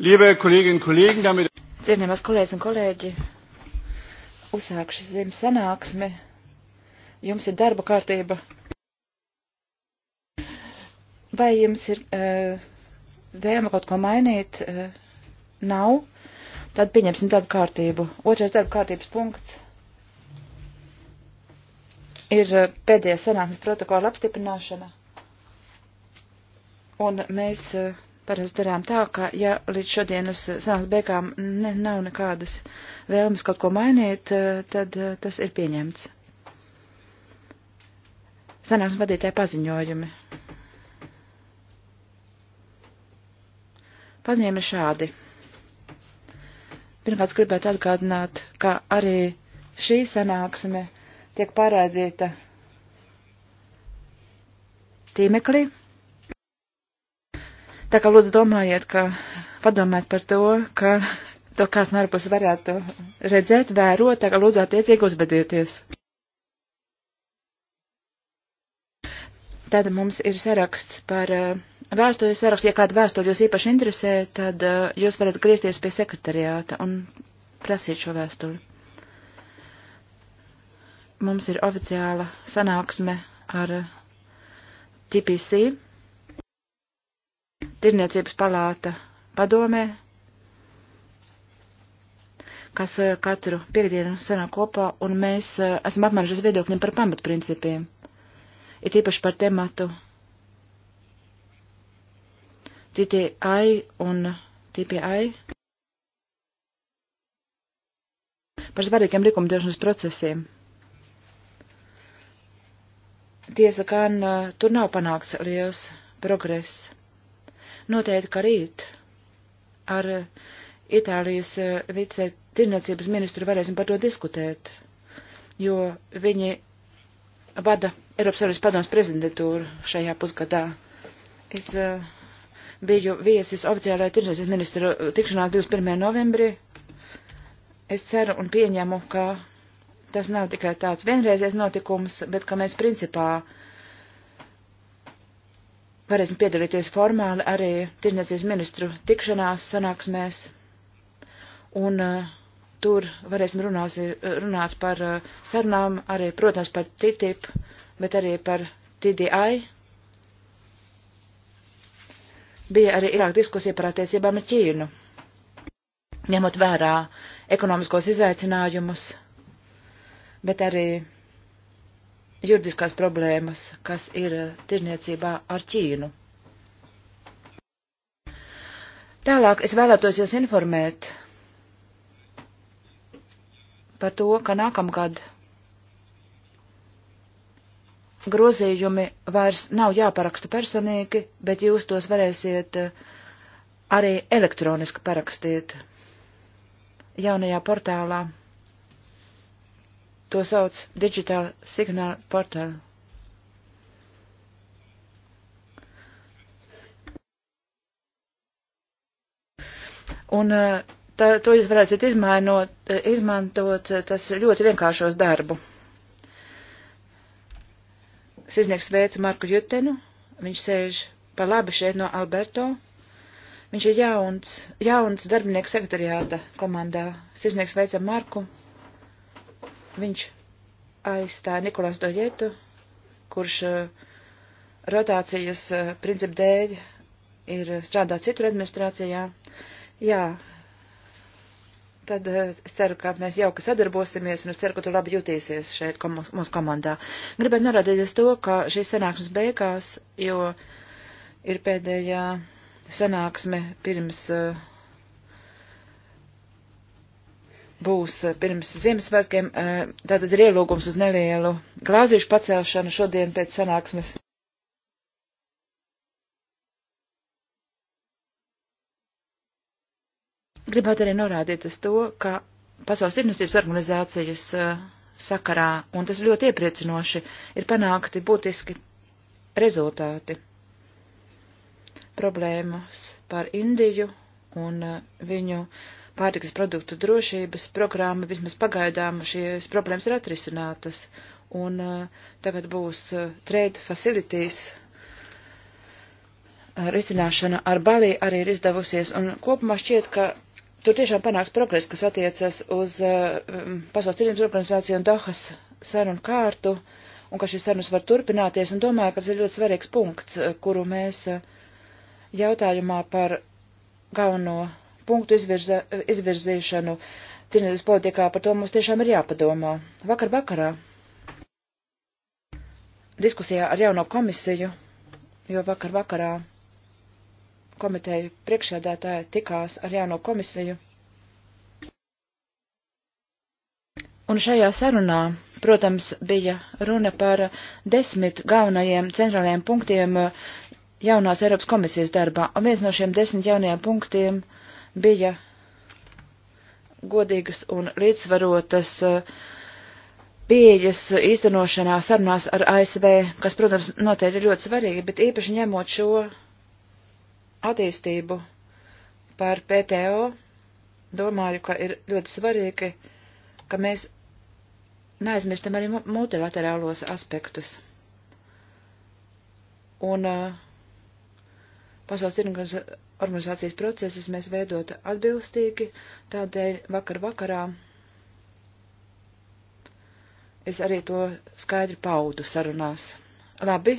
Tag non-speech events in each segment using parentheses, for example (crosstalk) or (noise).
Liebe Kolleginnen und Kollegen, damit. Cienījamās kolēģis un kolēģi, uzsākšiem sanāksmi. Jums ir darba kārtība. Vai jums ir uh, vēlme kaut ko mainīt? Uh, nav. Tad pieņemsim darba kārtību. Otrais darba kārtības punkts ir eh, pēdējā sanāksmes protokola apstiprināšana. Un mēs uh, Parasti darām tā, ka ja līdz šodienas sanāks beigām ne, nav nekādas vēlmes kaut ko mainīt, eh, tad eh, tas ir pieņemts. Sanāks vadītāji paziņojumi. Paziņojumi šādi. Pirmkārt, gribētu atgādināt, ka arī šī sanāksme tiek pārādīta tīmeklī. Tā kā lūdzu domājiet, ka padomāt par to, ka to kāds no ārpus varētu redzēt, vērot, tā kā lūdzu attiecīgi uzbedieties. Tad mums ir saraksts par uh, vēstuli sarakstu. Ja kāda vēstuli jūs īpaši interesē, tad uh, jūs varat griezties pie sekretariāta un prasīt šo vēstuli. Mums ir oficiāla sanāksme ar uh, TPC Tirniecības palāta padomē, kas eh, katru piekdienu sanāk kopā, un mēs eh, esam apmainušies viedokļiem par pamatprincipiem. Ir īpaši par tematu TTI un TPI. Par svarīgiem likumdošanas procesiem. Tiesa gan tur nav panāks liels progress Noteikti, ka rīt ar Itālijas eh, vice tirniecības ministru varēsim par to diskutēt, jo viņi vada Eiropas Savienības padomus prezidentūru šajā pusgadā. Es uh, biju viesis oficiālajā tirdzniecības ministra tikšanā 21. novembrī. Es ceru un pieņemu, ka tas nav tikai tāds vienreizais notikums, bet ka mēs principā varēsim piedalīties formāli arī tirniecības ministru tikšanās sanāksmēs, un uh, tur varēsim runās, uh, runāt par uh, sarunām, arī, protams, par TTIP, bet arī par TDI. Bija arī ilgāk diskusija par attiecībām ar Ķīnu, ņemot vērā ekonomiskos izaicinājumus, bet arī juridiskās problēmas, kas ir eh, tirzniecībā ar Ķīnu. Tālāk es vēlētos jūs informēt par to, ka nākamgad grozījumi vairs nav jāparaksta personīgi, bet jūs tos varēsiet eh, arī elektroniski parakstīt jaunajā portālā. To sauc Digital Signal Portal. Un eh, tā, to jūs varēsiet izmainot, eh, izmantot, eh, tas ļoti vienkāršos darbu. Siznieks veica Marku Jutenu, viņš sēž pa labi šeit no Alberto. Viņš ir jauns, jauns darbinieks sekretariāta komandā. Siznieks veica Marku. Viņš aizstāja Nikolās Dojetu, kurš eh, rotācijas eh, principu dēļ ir strādā citur administrācijā. Jā, tad eh, es ceru, ka mēs jauki sadarbosimies, un es ceru, ka tu labi jutīsies šeit kom mūsu komandā. Gribētu norādīt uz to, ka šīs sanāksmes beigās, jo ir pēdējā sanāksme pirms uh, būs eh, pirms Ziemassvētkiem, eh, tātad ir ielūgums uz nelielu glāzīšu pacelšanu šodien pēc sanāksmes. Gribētu arī norādīt uz to, ka Pasaules tirnasības organizācijas eh, sakarā, un tas ļoti iepriecinoši, ir panākti būtiski rezultāti. Problēmas par Indiju un viņu uh, pārtikas produktu drošības programma, vismaz pagaidām šīs problēmas ir atrisinātas. Un uh, tagad būs uh, trade facilities uh, risināšana ar Balī arī ir izdevusies. Un kopumā šķiet, ka tur tiešām panāks progress, kas attiecas uz uh, Pasaules tirdzniecības organizāciju un Dahas sarunu kārtu, un ka šīs sarunas var turpināties. Un domāju, ka tas ir ļoti svarīgs punkts, uh, kuru mēs uh, jautājumā par galveno punktu izvirza, izvirzīšanu tirnības politikā, par to mums tiešām ir jāpadomā. Vakar vakarā diskusijā ar jauno komisiju, jo vakar vakarā komiteju priekšsēdētāja tikās ar jauno komisiju. Un šajā sarunā, protams, bija runa par desmit galvenajiem centrālajiem punktiem jaunās Eiropas komisijas darbā, un viens no šiem desmit jaunajiem punktiem uh, bija godīgas un līdzsvarotas eh, pieejas īstenošanā sarunās ar ASV, kas, protams, noteikti ir ļoti svarīgi, bet īpaši ņemot šo attīstību par PTO, domāju, ka ir ļoti svarīgi, ka mēs neaizmirstam arī multilaterālos aspektus. Un uh, pasaules tirgus organizācijas procesus mēs veidot atbilstīgi, tādēļ vakar vakarā es arī to skaidri paudu sarunās. Labi.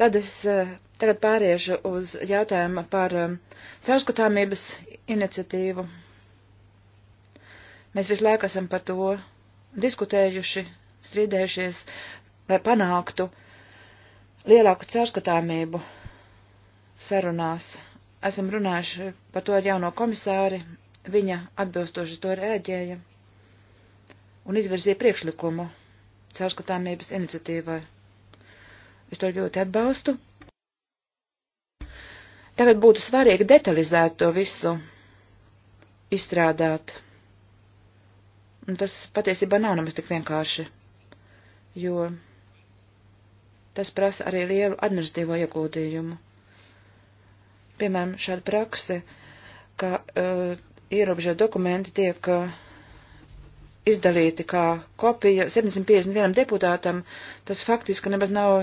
Tad es eh, tagad pāriešu uz jautājumu par caurskatāmības eh, iniciatīvu. Mēs visu laiku esam par to diskutējuši, strīdējušies, lai panāktu lielāku caurskatāmību sarunās. Esam runājuši par to ar jauno komisāri, viņa atbilstoši to rēģēja un izvirzīja priekšlikumu caurskatāmības iniciatīvai. Es to ļoti atbalstu. Tagad būtu svarīgi detalizēt to visu, izstrādāt. Un tas patiesībā nav nemaz tik vienkārši, jo Tas prasa arī lielu administratīvo ieguldījumu. Piemēram, šāda prakse, ka uh, ierobežot dokumenti tiek uh, izdalīti kā kopija 751 deputātam, tas faktiski nemaz nav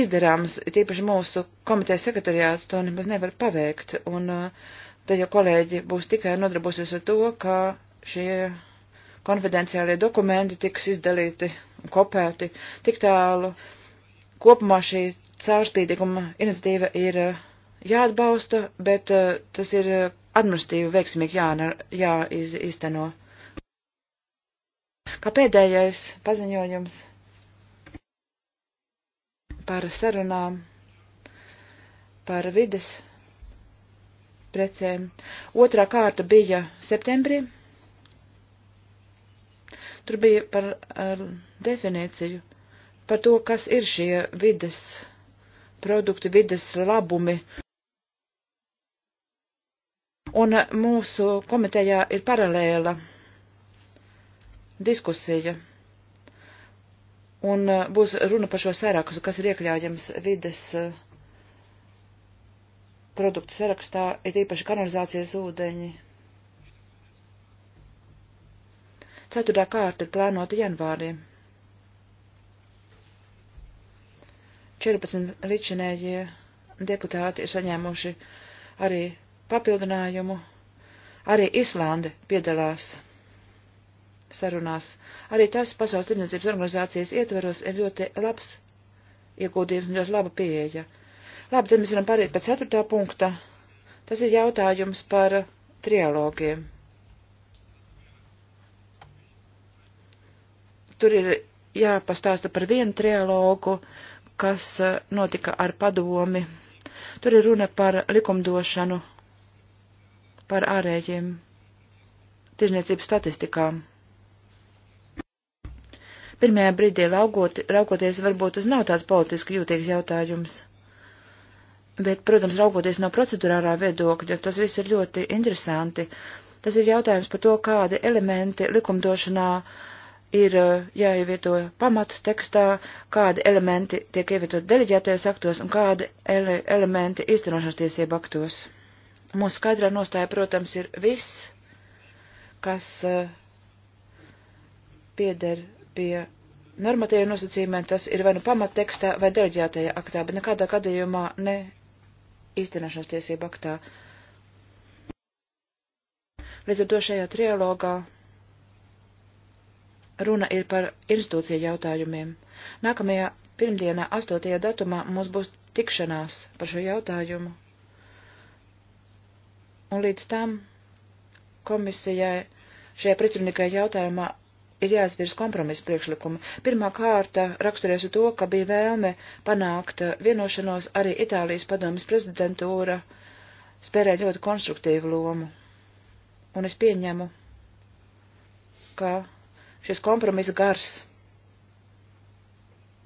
izdarāms, tīpaši mūsu komitejas sekretariāts to nemaz nevar paveikt, un uh, tad jau kolēģi būs tikai nodarbosies ar to, ka šie konfidenciālie dokumenti tiks izdalīti un kopēti tik tālu. Kopumā šī caurspīdīguma iniciatīva ir eh, jāatbalsta, bet eh, tas ir eh, administratīvi veiksmīgi jā, jāizteno. Kā pēdējais paziņojums par sarunām par vides precēm. Otrā kārta bija septembrī. Tur bija par ar, definīciju par to, kas ir šie vides produkti, vides labumi. Un mūsu komitejā ir paralēla diskusija. Un uh, būs runa par šo sarakstu, kas ir iekļaujams vides uh, produktu sarakstā, ir īpaši kanalizācijas ūdeņi. Ceturtā kārta ir plānota janvārī. 14 ričinējie deputāti ir saņēmuši arī papildinājumu. Arī Islande piedalās sarunās. Arī tas Pasaules tirdzniecības organizācijas ietveros ir ļoti labs ieguldījums un ļoti laba pieeja. Labi, tad mēs varam pāriet pēc ceturtā punkta. Tas ir jautājums par trialogiem. Tur ir jāpastāsta par vienu trialogu, kas e, notika ar padomi. Tur ir runa par likumdošanu, par ārējiem tirzniecības statistikām. Pirmajā brīdī laugot, raugoties, varbūt tas nav tāds politiski jūtīgs jautājums. Bet, protams, raugoties no procedurārā viedokļa, tas viss ir ļoti interesanti. Tas ir jautājums par to, kādi elementi likumdošanā uh, ir eh, jāievieto pamata tekstā, kādi elementi tiek ievietot deleģētajos aktos un kādi ele elementi īstenošanas tiesību aktos. Mūsu skaidrā nostāja, protams, ir viss, kas uh, pieder pie normatīviem nosacījumiem, tas ir vai nu pamattekstā vai deleģētajā aktā, bet nekādā gadījumā ne īstenošanas tiesību aktā. Līdz ar to šajā trialogā runa ir par institūciju jautājumiem. Nākamajā pirmdienā, 8. datumā, mums būs tikšanās par šo jautājumu. Un līdz tam komisijai šajā pretrunīgajā jautājumā ir jāizvirs kompromisa priekšlikumi. Pirmā kārta raksturies to, ka bija vēlme panākt vienošanos arī Itālijas padomjas prezidentūra spērē ļoti konstruktīvu lomu. Un es pieņemu, ka šis kompromisa gars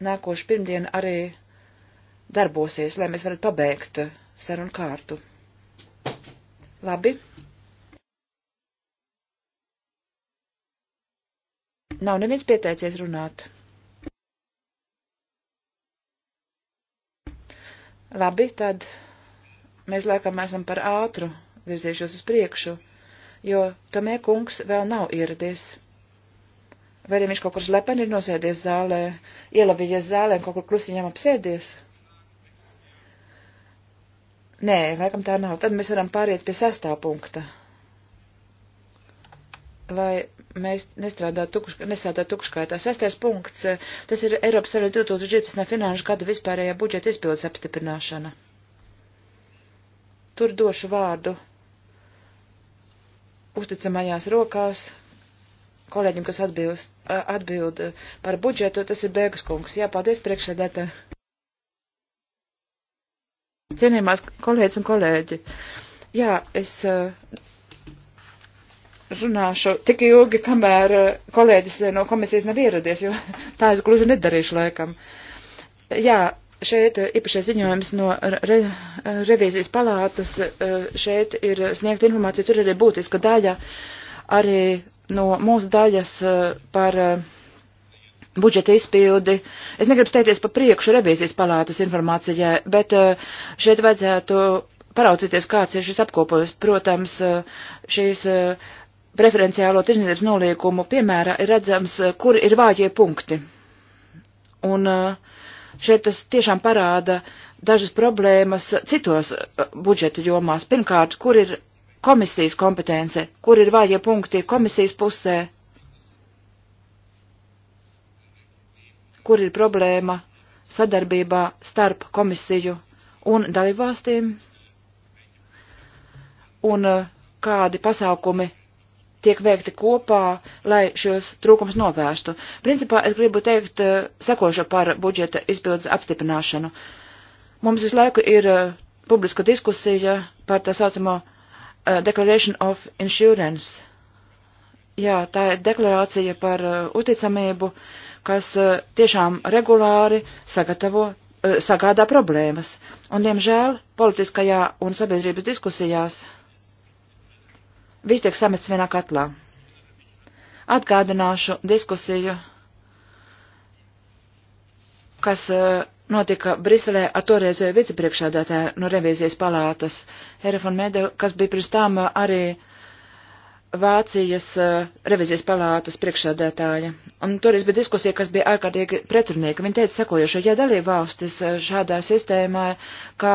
nākošu pirmdienu arī darbosies, lai mēs varētu pabeigt sarunu kārtu. Labi. Nav neviens pieteicies runāt. Labi, tad mēs laikam esam par ātru virzīšos uz priekšu, jo Tomē kungs vēl nav ieradies. Vai arī viņš kaut kur slepeni ir nosēdies zālē, ielavījies zālē un kaut kur klusiņām apsēdies? Nē, laikam tā nav. Tad mēs varam pāriet pie sastā punkta. Lai mēs nestrādātu tukš, tukškaitā. Sastais punkts, tas ir Eiropas Savienības 2012. finanšu gada vispārējā budžeta izpildes apstiprināšana. Tur došu vārdu uzticamajās rokās kolēģim, kas atbilst, atbild par budžetu, tas ir Bēgas kungs. Jā, paldies priekšsēdētā. Cienījumās kolēģis un kolēģi. Jā, es runāšu tik ilgi, kamēr kolēģis no komisijas nav ieradies, jo (laughs) tā es gluži nedarīšu laikam. Jā, šeit īpašais ziņojums no re, revīzijas palātas, šeit ir sniegta informācija, tur ir arī būtiska daļa arī no mūsu daļas eh, par eh, budžeta izpildi. Es negribu steigties pa priekšu revīzijas palātas informācijai, bet eh, šeit vajadzētu paraudzīties, kāds ir šis apkopojums. Protams, šīs preferenciālo tirdzniecības noliekumu piemērā ir redzams, kur ir vājie punkti. Un šeit tas tiešām parāda dažas problēmas citos budžeta jomās. Pirmkārt, kur ir komisijas kompetence, kur ir vājie punkti komisijas pusē, kur ir problēma sadarbībā starp komisiju un dalībvalstīm, un eh, kādi pasākumi tiek veikti kopā, lai šos trūkums novērstu. Principā es gribu teikt eh, sekošu par budžeta izpildes apstiprināšanu. Mums visu laiku ir eh, publiska diskusija par tā saucamo uh, Declaration of Insurance. Jā, tā ir deklarācija par uh, uzticamību, kas uh, tiešām regulāri sagatavo, uh, sagādā problēmas. Un, diemžēl, politiskajā un sabiedrības diskusijās viss tiek samests vienā katlā. Atgādināšu diskusiju, kas uh, notika Briselē ar toreizēju vicepriekšādātāju no revīzijas palātas, Erefon Medu, kas bija pirms tam arī Vācijas uh, revizijas palātas priekšsēdētāja. Un toreiz bija diskusija, kas bija ārkārtīgi pretrunīga. Viņa teica sekojošo, ja dalība valstis šādā sistēmā, kā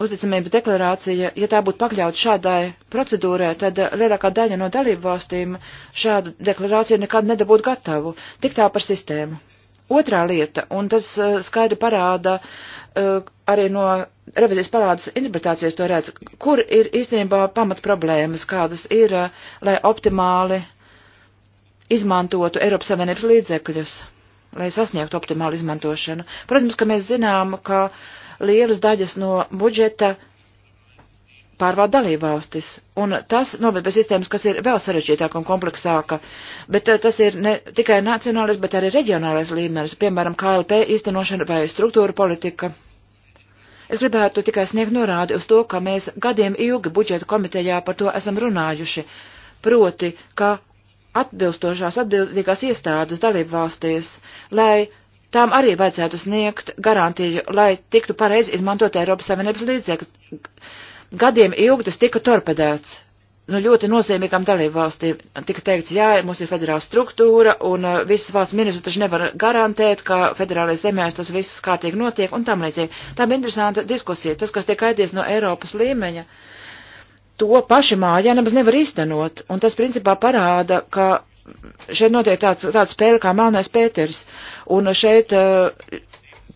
uzticamības deklarācija, ja tā būtu pakļauta šādai procedūrai, tad lielākā daļa no dalību valstīm šādu deklarāciju nekad nedabūtu gatavu. Tik tā par sistēmu. Otrā lieta, un tas eh, skaidri parāda eh, arī no revizijas palādes interpretācijas to redz, kur ir īstenībā pamat problēmas, kādas ir, eh, lai optimāli izmantotu Eiropas Savienības līdzekļus, lai sasniegtu optimālu izmantošanu. Protams, ka mēs zinām, ka lielas daļas no budžeta uh, pārvalda dalībvalstis, un tas noved pie sistēmas, kas ir vēl sarežģītāka un kompleksāka, bet eh, tas ir ne tikai nacionālais, bet arī reģionālais līmenis, piemēram, KLP īstenošana vai struktūra politika. Es gribētu tikai sniegt norādi uz to, ka mēs gadiem ilgi budžeta komitejā par to esam runājuši, proti, ka atbilstošās atbildīgās iestādes dalībvalstīs, lai Tām arī vajadzētu sniegt garantiju, lai tiktu pareizi izmantot Eiropas Savienības līdzekļi. Gadiem ilgi tas tika torpedēts. Nu, ļoti nozīmīgām dalībvalstīm tika teikts, jā, mums ir federāla struktūra, un uh, visas valsts ministri taču nevar garantēt, ka federālais zemēs tas viss kārtīgi notiek, un tam līdzīgi. Tā bija interesanta diskusija. Tas, kas tiek aities no Eiropas līmeņa, to paši mājā nemaz nevar īstenot, un tas principā parāda, ka šeit notiek tāds, tāds spēle kā Melnais Pēters, un šeit uh,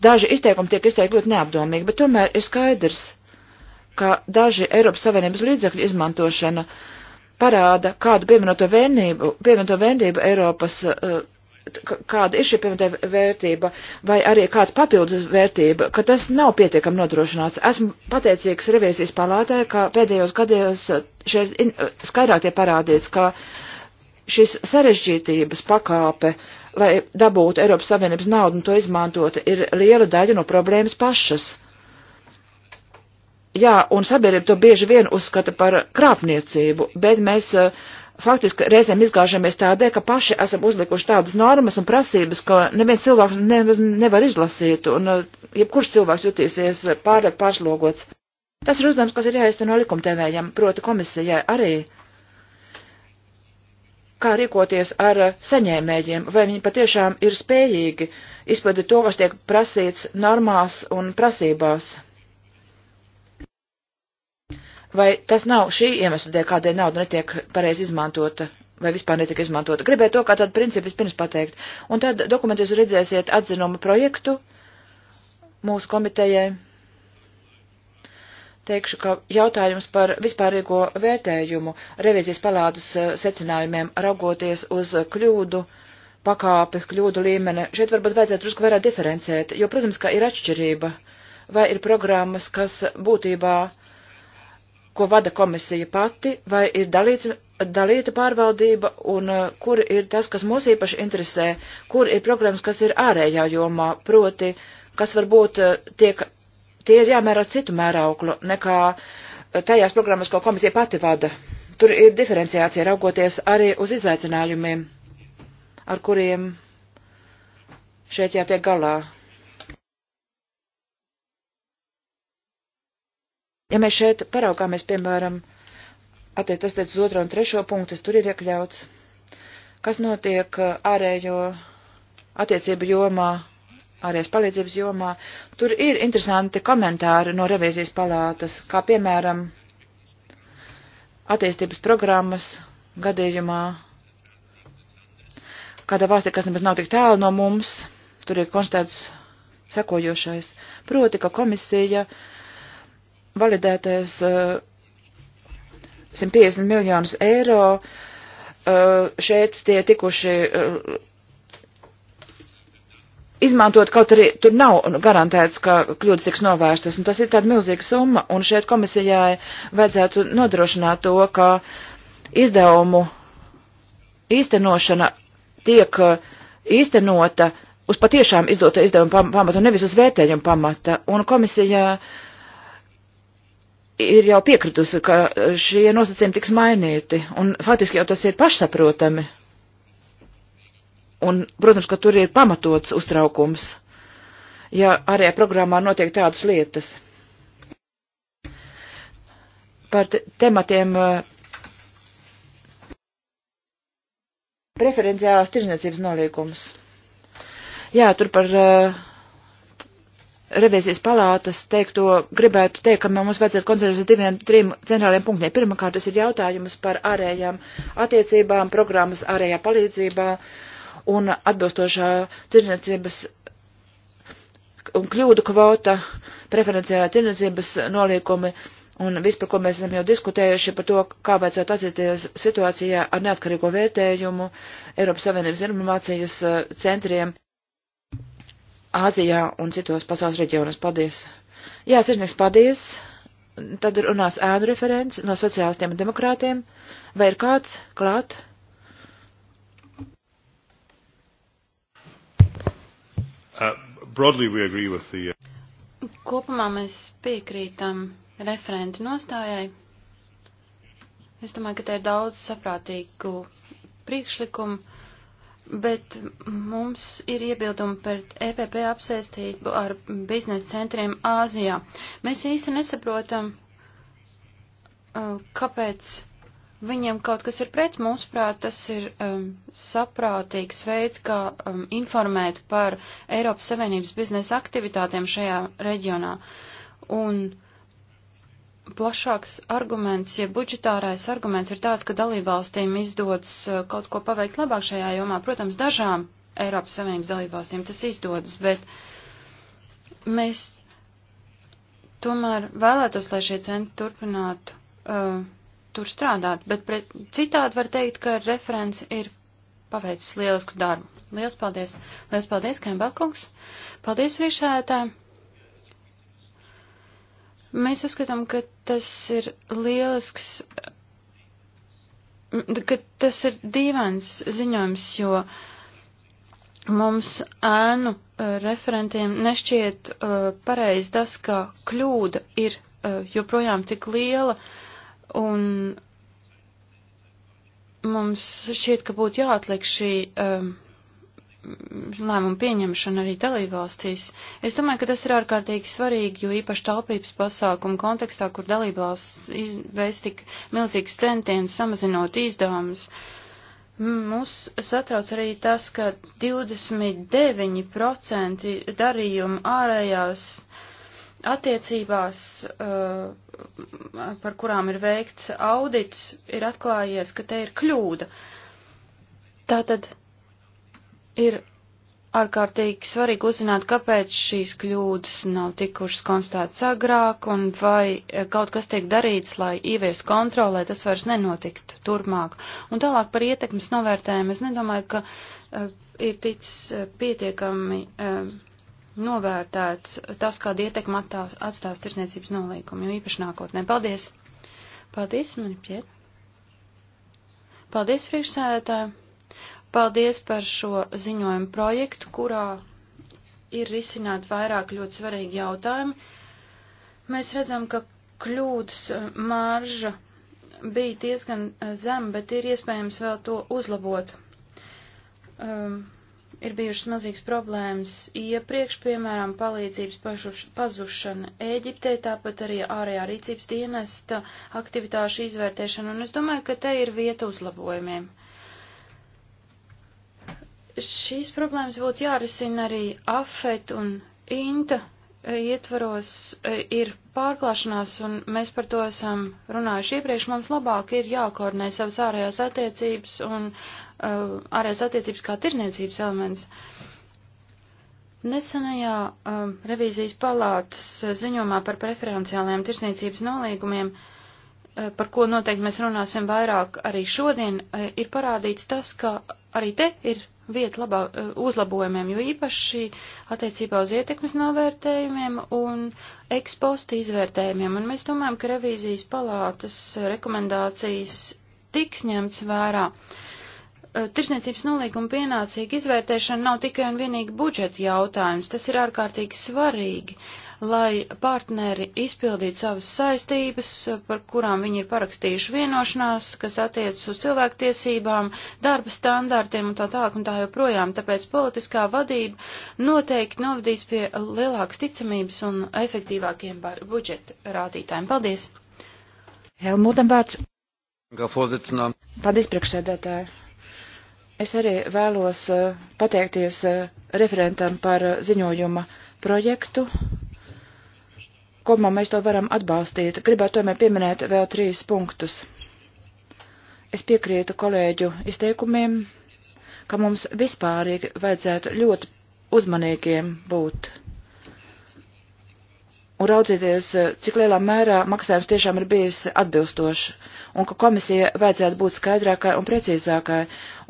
daži izteikumi tiek izteikti ļoti neapdomīgi, bet tomēr ir skaidrs, ka daži Eiropas Savienības līdzekļu izmantošana parāda, kādu pievienoto vērtību, pievienoto vērtību Eiropas, eh, kāda ir šī pievienotā vērtība, vai arī kāda papildus vērtība, ka tas nav pietiekami nodrošināts. Esmu pateicīgs revīzijas palātē, ka pēdējos gados eh, šeit eh, skaidrāk tie parādīts, ka šis sarežģītības pakāpe, lai dabūtu Eiropas Savienības naudu un to izmantot, ir liela daļa no problēmas pašas Jā, un sabiedrība to bieži vien uzskata par krāpniecību, bet mēs uh, faktiski reizēm izgāžamies tādēļ, ka paši esam uzlikuši tādas normas un prasības, ka neviens cilvēks ne, nevar izlasīt, un uh, jebkurš cilvēks jutīsies pārāk pārslogots. Tas ir uzdevums, kas ir jāizteno likumtevējam, proti komisijai arī. Kā rīkoties ar uh, saņēmējiem, vai viņi patiešām ir spējīgi izpildīt to, kas tiek prasīts normās un prasībās? Vai tas nav šī iemesla dēļ, kādēļ nauda netiek pareizi izmantota vai vispār netika izmantota? Gribēju to kā tādu principu vispirms pateikt. Un tad dokumentos redzēsiet atzinumu projektu mūsu komitejai. Teikšu, ka jautājums par vispārīgo vērtējumu revizijas palādas eh, secinājumiem raugoties uz kļūdu pakāpi, kļūdu līmeni. Šeit varbūt vajadzētu drusku vairāk diferencēt, jo, protams, ka ir atšķirība. Vai ir programmas, kas būtībā uh, ko vada komisija pati, vai ir dalīts, dalīta pārvaldība un uh, kur ir tas, kas mūs īpaši interesē, kur ir programmas, kas ir ārējā jomā, proti, kas varbūt uh, tiek, tie ir jāmērā citu mērauklu nekā eh, tajās programmas, ko komisija pati vada. Tur ir diferenciācija raugoties arī uz izaicinājumiem, ar kuriem šeit jātiek galā. Ja mēs šeit paraugāmies, piemēram, attiec tas teic uz otro un trešo punktu, tas tur ir iekļauts, kas notiek uh, ārējo attiecību jomā, ārējās palīdzības jomā, tur ir interesanti komentāri no revīzijas palātas, kā piemēram, attīstības programmas gadījumā, kādā valstī, kas nemaz nav tik tālu no mums, tur ir konstatēts sekojošais, proti, ka komisija uh, validētais 150 eh, miljonus eiro. Eh, šeit tie tikuši eh, izmantot, kaut arī tur nav garantēts, ka kļūdas tiks novērstas. Un tas ir tāda milzīga summa, un šeit komisijai vajadzētu nodrošināt to, ka izdevumu īstenošana tiek īstenota uz patiešām izdota izdevuma pamata, nevis uz vērtējumu pamata. Un komisija uh, ir jau piekritusi, ka šie nosacījumi tiks mainīti, un faktiski jau tas ir pašsaprotami. Un, protams, ka tur ir pamatots uztraukums, ja arī programmā notiek tādas lietas. Par te tematiem eh, preferenciālās tirzniecības nolīgums. Jā, tur par uh, revīzijas palātas teikto gribētu teikt, ka mums vajadzētu koncentrēties uz diviem, trim centrāliem punktiem. Pirmkārt, tas ir jautājums par ārējām attiecībām, programmas ārējā palīdzībā un atbilstošā tirdzniecības un kļūdu kvota, preferenciālā tirdzniecības noliekumi un vispār, ko mēs esam jau diskutējuši par to, kā vajadzētu atcerties situācijā ar neatkarīgo vērtējumu Eiropas Savienības informācijas eh, centriem Āzijā un citos pasaules reģionos. Paldies! Jā, sirsnieks, paldies! Tad runās ēnu referents no sociālistiem un demokrātiem. Vai ir kāds klāt? Uh, broadly we agree with the... Uh, Kopumā mēs piekrītam referentu nostājai. Es domāju, ka te ir daudz saprātīgu priekšlikumu bet mums ir iebildumi par EPP apsēstību ar biznesa centriem Āzijā. Mēs īsti nesaprotam, kāpēc viņiem kaut kas ir pret. Mūsuprāt, tas ir um, saprātīgs veids, kā um, informēt par Eiropas Savienības biznesa aktivitātēm šajā reģionā. Un, uh, plašāks arguments, ja budžetārais arguments ir tāds, ka dalībvalstīm izdodas uh, kaut ko paveikt labāk šajā jomā. Protams, dažām Eiropas Savienības dalībvalstīm tas izdodas, bet mēs tomēr vēlētos, lai šie centri turpinātu uh, tur strādāt, bet pret, citādi var teikt, ka referents ir paveicis lielisku darbu. Lielas paldies! Lielas paldies, Kēmbelkungs! Paldies priekšsēdētājiem! Mēs uzskatām, ka tas ir lielisks, ka tas ir dīvains ziņojums, jo mums ēnu referentiem nešķiet uh, pareizi tas, ka kļūda ir uh, joprojām tik liela un mums šķiet, ka būtu jāatliek šī um, lēmumu pieņemšanu arī dalībvalstīs. Es domāju, ka tas ir ārkārtīgi svarīgi, jo īpaši taupības pasākumu kontekstā, kur dalībvalsts izvēs tik milzīgus centienus samazinot izdevumus, mūs satrauc arī tas, ka 29% darījumu ārējās attiecībās, uh, par kurām ir veikts audits, ir atklājies, ka te ir kļūda. Tātad Ir ārkārtīgi svarīgi uzzināt, kāpēc šīs kļūdas nav tikušas konstatētas agrāk, un vai eh, kaut kas tiek darīts, lai ievies kontrolē, tas vairs nenotiktu turpmāk. Un tālāk par ietekmes novērtējumu. Es nedomāju, ka uh, ir ticis eh, pietiekami uh, novērtēts tas, kāda ietekma atstās, atstās tirsniecības nolīkumu, jo īpaši nākotnē. Paldies! Paldies, mani pie! Paldies, priekšsēdētāji! Paldies par šo ziņojumu projektu, kurā ir risināt vairāk ļoti svarīgi jautājumi. Mēs redzam, ka kļūdas eh, marža bija diezgan eh, zema, bet ir iespējams vēl to uzlabot. Um, ir bijušas mazīgas problēmas iepriekš, piemēram, palīdzības pažuš, pazušana Ēģiptē, tāpat arī ārējā rīcības dienesta aktivitāšu izvērtēšana, un es domāju, ka te ir vieta uzlabojumiem. Uh, šīs problēmas būtu jārisina arī AFET un INTA ietvaros e, ir pārklāšanās, un mēs par to esam runājuši iepriekš. Mums labāk ir jākoordinē savas ārējās attiecības un uh, ārējās attiecības kā tirniecības elements. Nesenajā uh, revīzijas palātas ziņomā par preferenciālajiem tirsniecības nolīgumiem, uh, par ko noteikti mēs runāsim vairāk arī šodien, uh, ir parādīts tas, ka arī te ir vietu labā, eh, uzlabojumiem, jo īpaši attiecībā uz ietekmes novērtējumiem un ekspostu izvērtējumiem. Un mēs domājam, ka revīzijas palātas rekomendācijas tiks ņemts vērā. Eh, Tirzniecības nolīguma pienācīga izvērtēšana nav tikai un vienīgi budžeta jautājums, tas ir ārkārtīgi svarīgi. Uh, lai partneri izpildītu savas saistības, par kurām viņi ir parakstījuši vienošanās, kas attiecas uz cilvēktiesībām, darba standārtiem un tā tālāk un tā joprojām. Tāpēc politiskā vadība noteikti novadīs pie lielākas ticamības un efektīvākiem budžeta rādītājiem. Paldies! Helmutam vārds. Paldies, priekšsēdētāji. Es arī vēlos eh, pateikties eh, referentam par eh, ziņojuma projektu kopumā mēs to varam atbalstīt. Gribētu tomēr pieminēt vēl trīs punktus. Es piekrītu kolēģu izteikumiem, ka mums vispārīgi vajadzētu ļoti uzmanīgiem būt un raudzīties, eh, cik lielā mērā maksājums tiešām ir bijis atbilstošs, un ka komisija vajadzētu būt skaidrākai un precīzākai,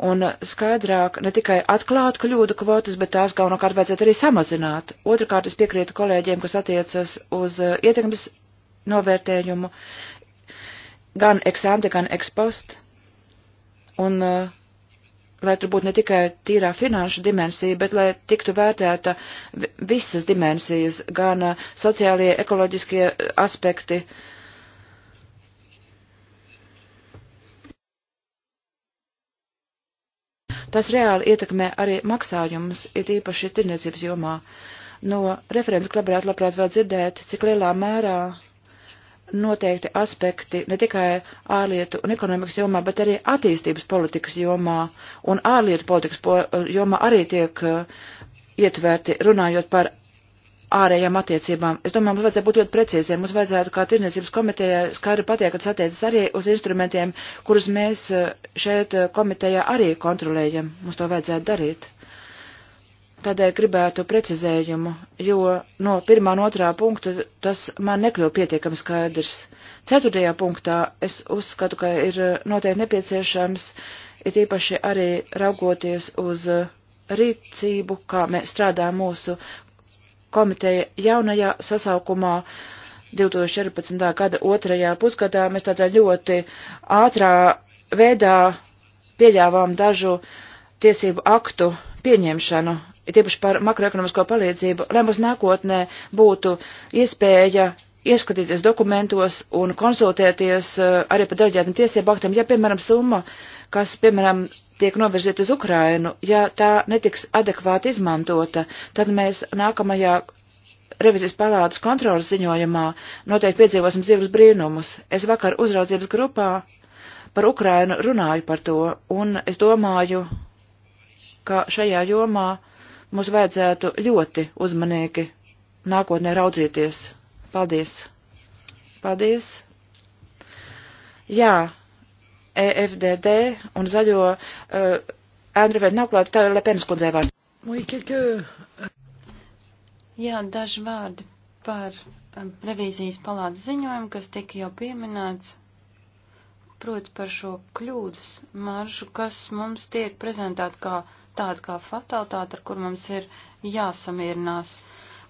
un skaidrāk ne tikai atklāt kļūdu kvotas, bet tās galvenokārt vajadzētu arī samazināt. Otrakārt, es piekrītu kolēģiem, kas attiecas uz eh, ietekmes novērtējumu gan ex ante, gan ex post, un uh, lai tur būtu ne tikai tīrā finanšu dimensija, bet lai tiktu vērtēta visas dimensijas, gan uh, sociālie, ekoloģiskie uh, aspekti. Tas reāli ietekmē arī maksājumus, it īpaši tirniecības jomā. No referents klabrāt labprāt vēl dzirdēt, cik lielā mērā noteikti aspekti ne tikai ārlietu un ekonomikas jomā, bet arī attīstības politikas jomā un ārlietu politikas po, jomā arī tiek uh, ietverti runājot par ārējām attiecībām. Es domāju, mums vajadzētu būt ļoti precīziem. Mums vajadzētu kā tirniecības komitejā skaidri pateikt, ka tas attiecas arī uz instrumentiem, kurus mēs uh, šeit uh, komitejā arī kontrolējam. Mums to vajadzētu darīt. Tādēļ gribētu precizējumu, jo no pirmā un otrā punkta tas man nekļuva pietiekami skaidrs. Ceturtajā punktā es uzskatu, ka ir noteikti nepieciešams, ir īpaši arī raugoties uz rīcību, kā mēs strādājam mūsu komiteja jaunajā sasaukumā 2014. gada otrajā pusgadā. Mēs tādā ļoti ātrā veidā pieļāvām dažu tiesību aktu pieņemšanu tiepaši par makroekonomisko palīdzību, lai mums nākotnē būtu iespēja ieskatīties dokumentos un konsultēties eh, arī par daļģētiem tiesību aktiem, ja, piemēram, summa, kas, piemēram, tiek novirzīta uz Ukrainu, ja tā netiks adekvāti izmantota, tad mēs nākamajā revizijas palātas kontrolas ziņojumā noteikti piedzīvosim dzīves brīnumus. Es vakar uzraudzības grupā par Ukrainu runāju par to, un es domāju, ka šajā jomā mums vajadzētu ļoti uzmanīgi nākotnē raudzīties. Paldies! Paldies! Jā, EFDD un zaļo uh, Andri vēl nav klāt, tā ir Lepenas kundzei vārds. Jā, daži vārdi par um, revīzijas palātas ziņojumu, kas tika jau pieminēts, proti par šo kļūdas maršu, kas mums tiek prezentēt kā tāda kā fatalitāte, ar kur mums ir jāsamierinās.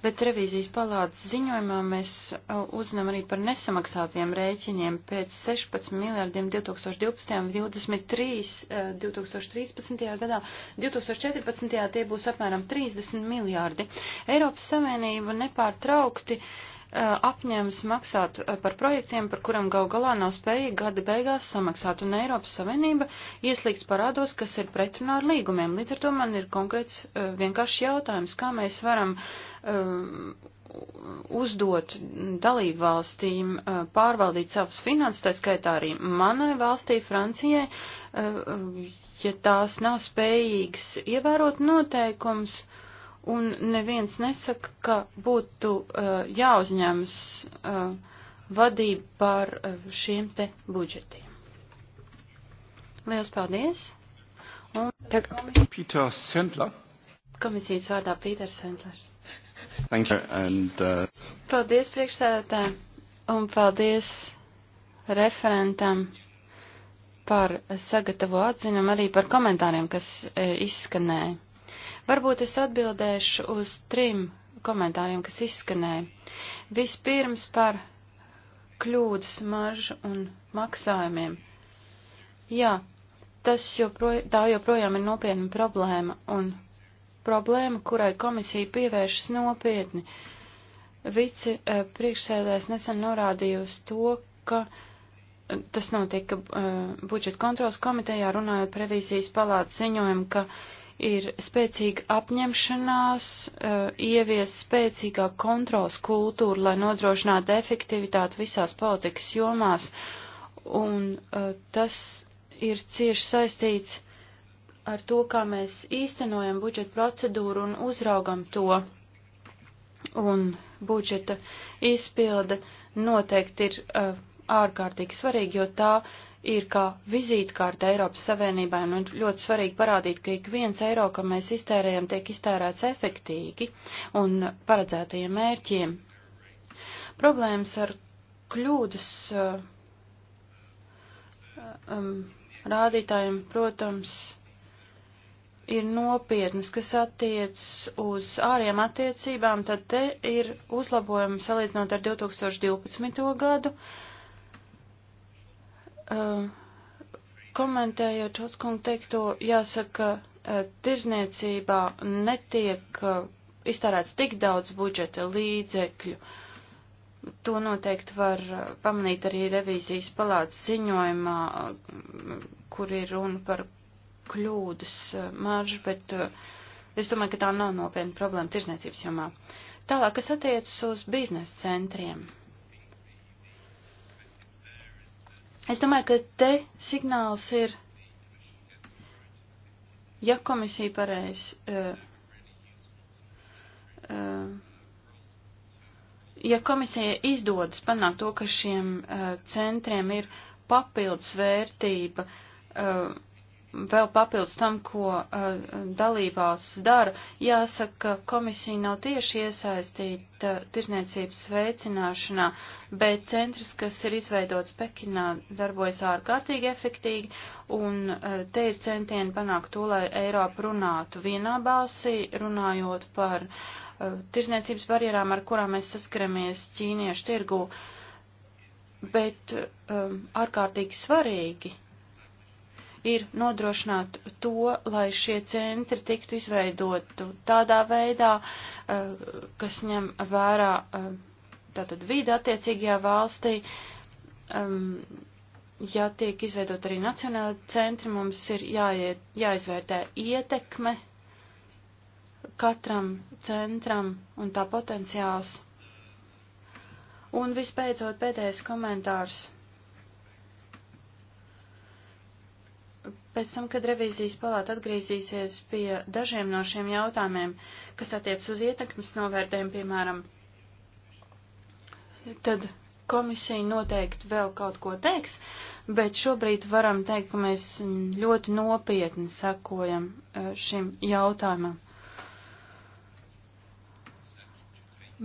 Bet revīzijas palātas ziņojumā mēs uh, uzzinām arī par nesamaksātiem rēķiniem pēc 16 miljārdiem 2012. 23, 2013. gadā. 2014. tie būs apmēram 30 miljārdi. Eiropas Savienība nepārtraukti uh, Uh, apņēmas maksāt uh, par projektiem, par kuram gal galā nav spējīgi gada beigās samaksāt, un Eiropas Savienība ieslīgs parādos, kas ir pretrunā ar līgumiem. Līdz ar to man ir konkrēts uh, vienkāršs jautājums, kā mēs varam uzdot dalību valstīm pārvaldīt savas finanses, tā skaitā arī manai valstī, Francijai, ja tās nav spējīgas ievērot noteikums. Uh, un neviens nesaka, ka būtu uh, jāuzņemas uh, vadība par uh, šiem te budžetiem. Liels paldies! Un tagad komis... Pīters Sendler. Komisijas vārdā Pīters Sendlers. Thank you and... Uh... Paldies priekšsēdētājiem un paldies referentam par sagatavo atzinumu, arī par komentāriem, kas e, izskanēja. Varbūt es atbildēšu uz trim komentāriem, kas izskanēja. Vispirms par kļūdas maržu un maksājumiem. Jā, tas joproj tā joprojām ir nopietna problēma un problēma, kurai komisija pievēršas nopietni. Vici eh, priekšsēdājs nesen norādīja uz to, ka eh, tas notika eh, budžeta kontrolas komitejā runājot prevīzijas palātas ziņojumu, ka uh, ir spēcīga apņemšanās, eh, ievies spēcīgā kontrols kultūra, lai nodrošinātu efektivitāti visās politikas jomās, un eh, tas ir cieši saistīts ar to, kā mēs īstenojam budžeta procedūru un uzraugam to, un budžeta izpilde noteikti ir eh, ārkārtīgi svarīga, jo tā ir kā vizītkārta Eiropas Savienībai, un nu, ļoti svarīgi parādīt, ka ik viens eiro, ko mēs iztērējam, tiek iztērēts efektīgi un paredzētajiem mērķiem. Problēmas ar kļūdas uh, um, rādītājiem, protams, ir nopietnas, kas attiec uz āriem attiecībām, tad te ir uzlabojumi salīdzinot ar 2012. gadu. Uh, Uh, komentējot šos kungu teikto, jāsaka, uh, tirzniecībā netiek uh, iztērēts tik daudz budžeta līdzekļu. To noteikti var uh, pamanīt arī revīzijas palātas ziņojumā, kur ir runa par kļūdas maržu, bet es domāju, ka tā nav nopietna problēma tirzniecības jomā. Tālāk, kas attiecas uz biznesa centriem. Es domāju, ka te signāls ir, ja komisija pareizi. Uh, e, uh, e, ja komisija izdodas panākt to, ka šiem uh, centriem ir papildus vērtība, uh, vēl papildus tam, ko uh, dalībvalsts dara, jāsaka, ka komisija nav tieši iesaistīta uh, tirzniecības veicināšanā, bet centrs, kas ir izveidots Pekinā, darbojas ārkārtīgi efektīgi, un uh, te ir centieni panākt to, lai Eiropa runātu vienā balsī, runājot par uh, tirzniecības barjerām, ar kurām mēs saskaramies ķīniešu tirgu, bet um, ārkārtīgi svarīgi ir nodrošināt to, lai šie centri tiktu izveidotu tādā veidā, eh, kas ņem vērā eh, tātad vidi attiecīgajā valstī. Ehm, ja tiek izveidot arī nacionāli centri, mums ir jāiet, jāizvērtē ietekme katram centram un tā potenciāls. Un visbeidzot pēdējais komentārs pēc tam, kad revīzijas palāta atgriezīsies pie dažiem no šiem jautājumiem, kas attiec uz ietekmes novērtējumu, piemēram, tad komisija noteikti vēl kaut ko teiks, bet šobrīd varam teikt, ka mēs ļoti nopietni sekojam eh, šim jautājumam.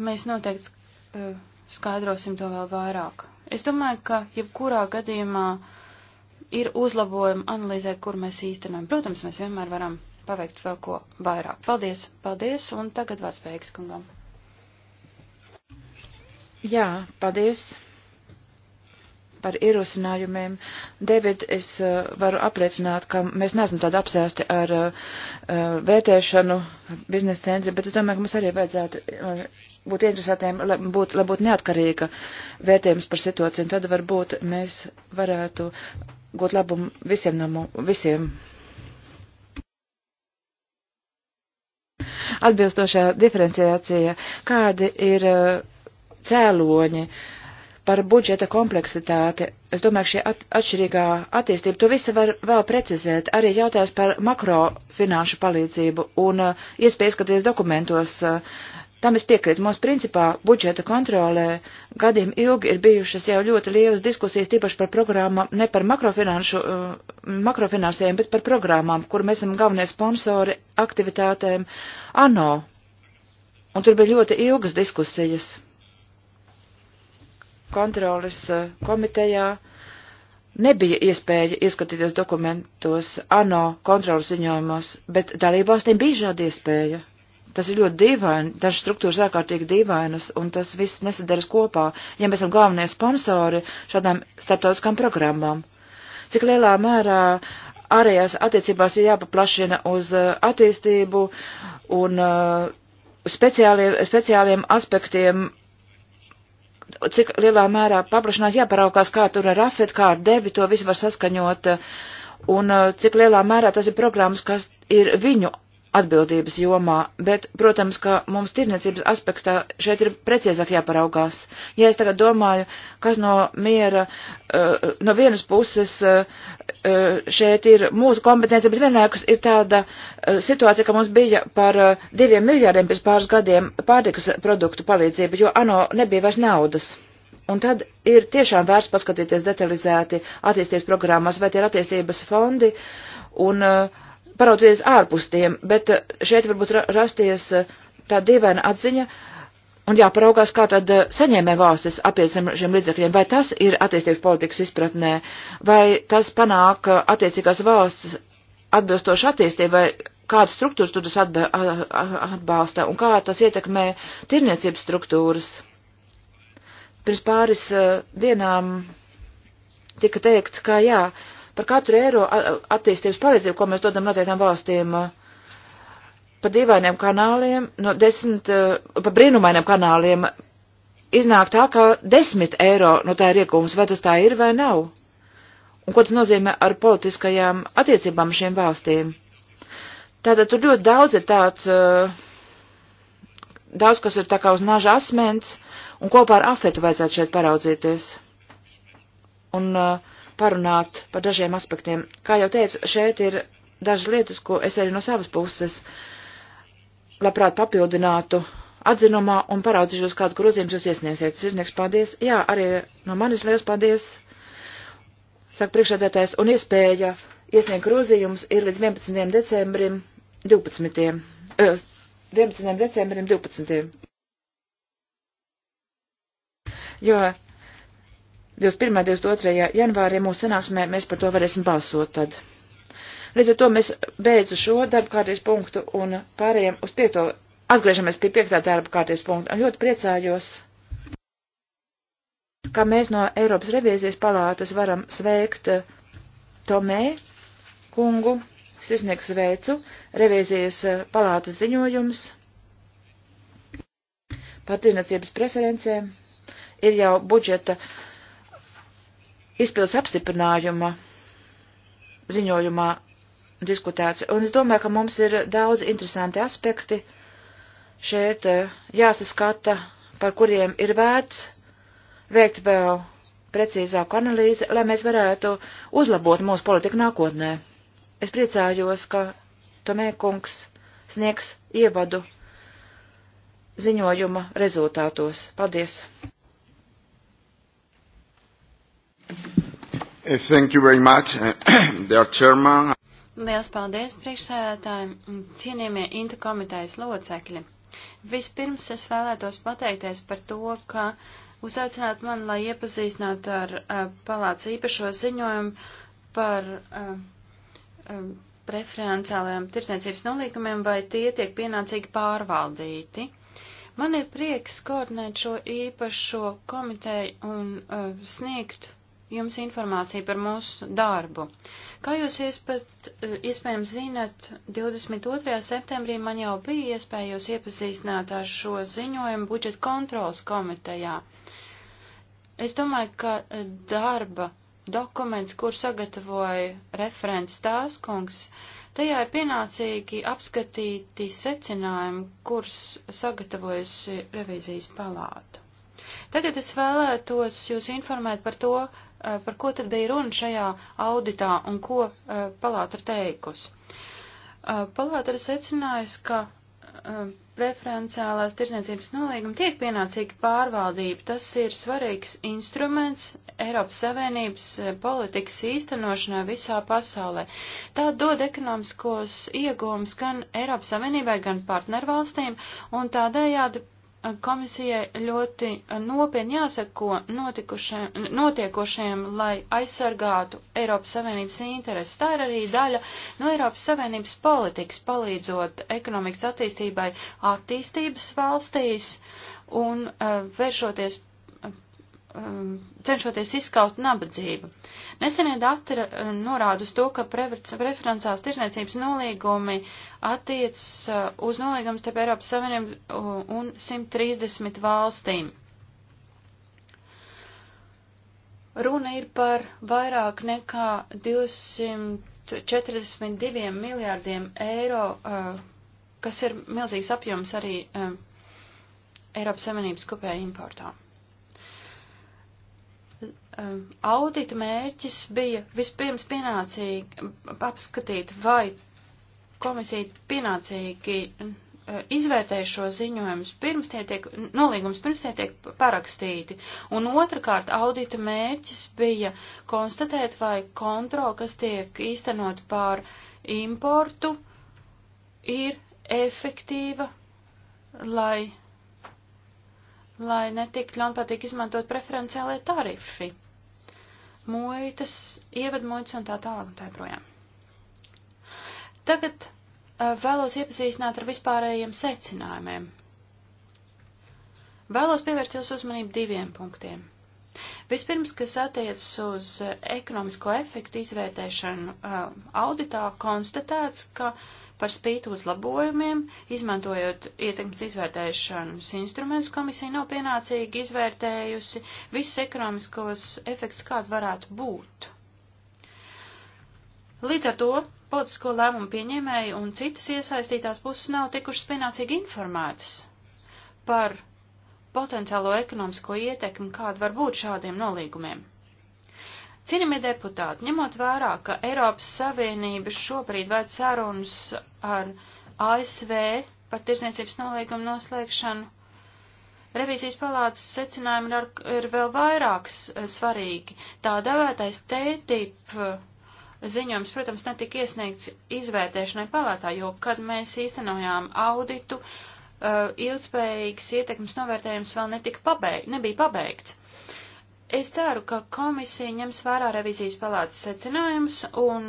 Mēs noteikti eh, skaidrosim to vēl vairāk. Es domāju, ka jebkurā gadījumā uh, ir uzlabojumi analīzē, kur mēs īstenojam. Protams, mēs vienmēr varam paveikt vēl ko vairāk. Paldies, paldies, un tagad vārds beigas kungam. Jā, paldies par ierosinājumiem. David, es uh, varu apliecināt, ka mēs neesam tādi apsēsti ar uh, uh vērtēšanu biznesa centri, bet es domāju, ka mums arī vajadzētu uh, būt interesētiem, lai būtu, lai būtu neatkarīga vērtējums par situāciju, un tad varbūt mēs varētu gūt labumu visiem no mums, visiem. Atbilstošā diferenciācija, kādi ir eh, cēloņi par budžeta kompleksitāti. Es domāju, šī at atšķirīgā attīstība, to visu var vēl precizēt. Arī jautājums par makrofinanšu palīdzību un eh, iespējas, ka tieši dokumentos uh, Tam es piekrītu. Mums principā budžeta kontrolē gadiem ilgi ir bijušas jau ļoti lielas diskusijas, tīpaši par programmām, ne par makrofinanšu, uh, makrofinansējumu, bet par programmām, kur mēs esam galvenie sponsori aktivitātēm ANO. Un tur bija ļoti ilgas diskusijas kontrolas uh, komitejā. Nebija iespēja ieskatīties dokumentos ANO kontrolas ziņojumos, bet dalībvalstīm bija šāda iespēja. Tas ir ļoti dīvaini, dažas struktūras ārkārtīgi dīvainas, un tas viss nesadaras kopā, ja mēs esam galvenie sponsori šādām starptautiskām programmām. Cik lielā mērā ārējās attiecībās ir jāpaplašina uz uh, attīstību un uh, speciāliem, speciāliem aspektiem, cik lielā mērā paplašināt jāparaukās, kā tur ar afet, kā ar devi, to visu var saskaņot, uh, un cik lielā mērā tas ir programmas, kas ir viņu atbildības jomā, bet, protams, ka mums tirniecības aspektā šeit ir precīzāk jāparaugās. Ja es tagad domāju, kas no miera, eh, no vienas puses eh, eh, šeit ir mūsu kompetence, bet vienlaikus ir tāda situācija, ka mums bija par diviem miljārdiem pēc pāris gadiem pārtikas produktu palīdzība, jo ANO nebija vairs naudas. Un tad ir tiešām vērts paskatīties detalizēti attīstības programmas, vai tie ir attīstības fondi, un uh, paraudzīties ārpus tiem, bet eh, šeit varbūt rasties eh, tā dīvaina atziņa, un jāparaugās, kā tad eh, saņēmē valstis apiecam šiem līdzekļiem, vai tas ir attīstības politikas izpratnē, vai tas panāk attiecīgās valsts atbilstoši attīstībai, kādas struktūras tur tas atbalsta un kā tas ietekmē tirniecības struktūras. Pirms pāris dienām tika teikts, ka jā, uh, Par katru eiro attīstības palīdzību, ko mēs dodam noteiktām valstīm, pa dīvainiem kanāliem, no desmit, pa brīnumainiem kanāliem, iznāk tā, ka desmit eiro no tā ir iegūms, vai tas tā ir vai nav. Un ko tas nozīmē ar politiskajām attiecībām šiem valstīm? Tātad tur ļoti daudz ir tāds, daudz, kas ir tā kā uz naža asmens, un kopā ar afetu vajadzētu šeit paraudzīties. Un uh, parunāt par dažiem aspektiem. Kā jau teicu, šeit ir dažas lietas, ko es arī no savas puses labprāt papildinātu atzinumā un paraudzīšos, kādu grozījumus jūs iesniegsiet. Es izniegs paldies. Jā, arī no manis liels paldies. Saka priekšādētājs, un iespēja iesniegt grozījumus ir līdz 11. decembrim 12. Uh, 11. decembrim 12. Jo 21. 22. janvārī mūsu sanāksmē mēs par to varēsim balsot tad. Līdz ar to mēs beidzu šo darba kārtības punktu un pārējiem uz piekto, atgriežamies pie piektā darba kārtības punkta. Un ļoti priecājos, ka mēs no Eiropas revīzijas palātas varam sveikt eh, Tomē kungu, sisniegs sveicu, revīzijas eh, palātas ziņojums par tirnacības preferencēm. Ir jau budžeta uh, izpildus apstiprinājuma ziņojumā diskutēts. Un es domāju, ka mums ir daudz interesanti aspekti šeit eh, jāsaskata, par kuriem ir vērts veikt vēl precīzāku analīzi, lai mēs varētu uzlabot mūsu politiku nākotnē. Es priecājos, ka Tomē kungs sniegs ievadu ziņojuma rezultātos. Paldies! Uh, thank you very much, uh, (coughs) dear chairman. Liels paldies priekšsēdētāji, cienījamie Inta komitejas locekļi. Vispirms es vēlētos pateikties par to, ka uzaicināt mani, lai iepazīstinātu ar uh, palāca īpašo ziņojumu par uh, uh, preferenciālajiem tirsniecības nolīgumiem, vai tie tiek pienācīgi pārvaldīti. Man ir prieks koordinēt šo īpašo komiteju un uh, sniegt jums informāciju par mūsu darbu. Kā jūs iespat, eh, iespējams zinat, 22. septembrī man jau bija iespēja jūs iepazīstināt ar šo ziņojumu budžeta kontrols komitejā. Es domāju, ka eh, darba dokuments, kur sagatavoja referents Tāskungs, tajā ir pienācīgi apskatīti secinājumi, kurus sagatavojusi revīzijas palāta. Tagad es vēlētos jūs informēt par to, Eh, par ko tad bija runa šajā auditā un ko eh, palāta ir teikusi. Eh, palāta ir secinājusi, ka preferenciālās tirsniecības nolīguma tiek pienācīgi pārvaldība. Tas ir svarīgs instruments Eiropas Savienības politikas īstenošanā visā pasaulē. Tā dod ekonomiskos iegūmus gan Eiropas Savienībai, gan partnervalstīm, un tādējādi komisijai ļoti nopietni jāsako notiekošajiem, lai aizsargātu Eiropas Savienības intereses. Tā ir arī daļa no Eiropas Savienības politikas, palīdzot ekonomikas attīstībai attīstības valstīs un uh, vēršoties um, cenšoties izskaust nabadzību. Nesenie dati norāda uz to, ka preferencās tirsniecības nolīgumi attiec uh, uz nolīgumus starp Eiropas Savienību uh, un 130 valstīm. Runa ir par vairāk nekā 242 miljārdiem eiro, uh, kas ir milzīgs apjoms arī um, Eiropas Savienības kopējā importā audita mērķis bija vispirms pienācīgi apskatīt, vai komisija pienācīgi eh, izvērtē šo ziņojumus pirms tie tiek, nolīgums pirms tie tiek parakstīti. Un otrkārt, audita mērķis bija konstatēt, vai kontrola, kas tiek īstenot pār importu, ir efektīva, lai lai netiktu ļaunprātīgi izmantot preferenciālie tarifi, muitas, ievadmuitas un tā tālāk un tā projām. Tagad uh, vēlos iepazīstināt ar vispārējiem secinājumiem. Vēlos pievērst jūsu uzmanību diviem punktiem. Vispirms, kas attiecas uz eh, ekonomisko efektu izvērtēšanu uh, auditā, konstatēts, ka uh, Par spīti uzlabojumiem, izmantojot ietekmes izvērtēšanas instrumentus, komisija nav pienācīgi izvērtējusi visus ekonomiskos efektus, kāda varētu būt. Līdz ar to politisko lēmumu pieņēmēji un citas iesaistītās puses nav tikušas pienācīgi informētas par potenciālo ekonomisko ietekmi, kāda var būt šādiem nolīgumiem. Cienījamie deputāti, ņemot vērā, ka Eiropas Savienība šobrīd vēd sarunas ar ASV par tirsniecības nolīgumu noslēgšanu, revīzijas palātas secinājumi ir, ir vēl vairāk svarīgi. Tā devētais tētip eh, ziņojums, protams, netika iesniegts izvērtēšanai palātā, jo, kad mēs īstenojām auditu, uh, ilgspējīgs ietekmes novērtējums vēl netika pabeig nebija pabeigts. Es ceru, ka komisija ņems vērā revizijas palātas secinājumus un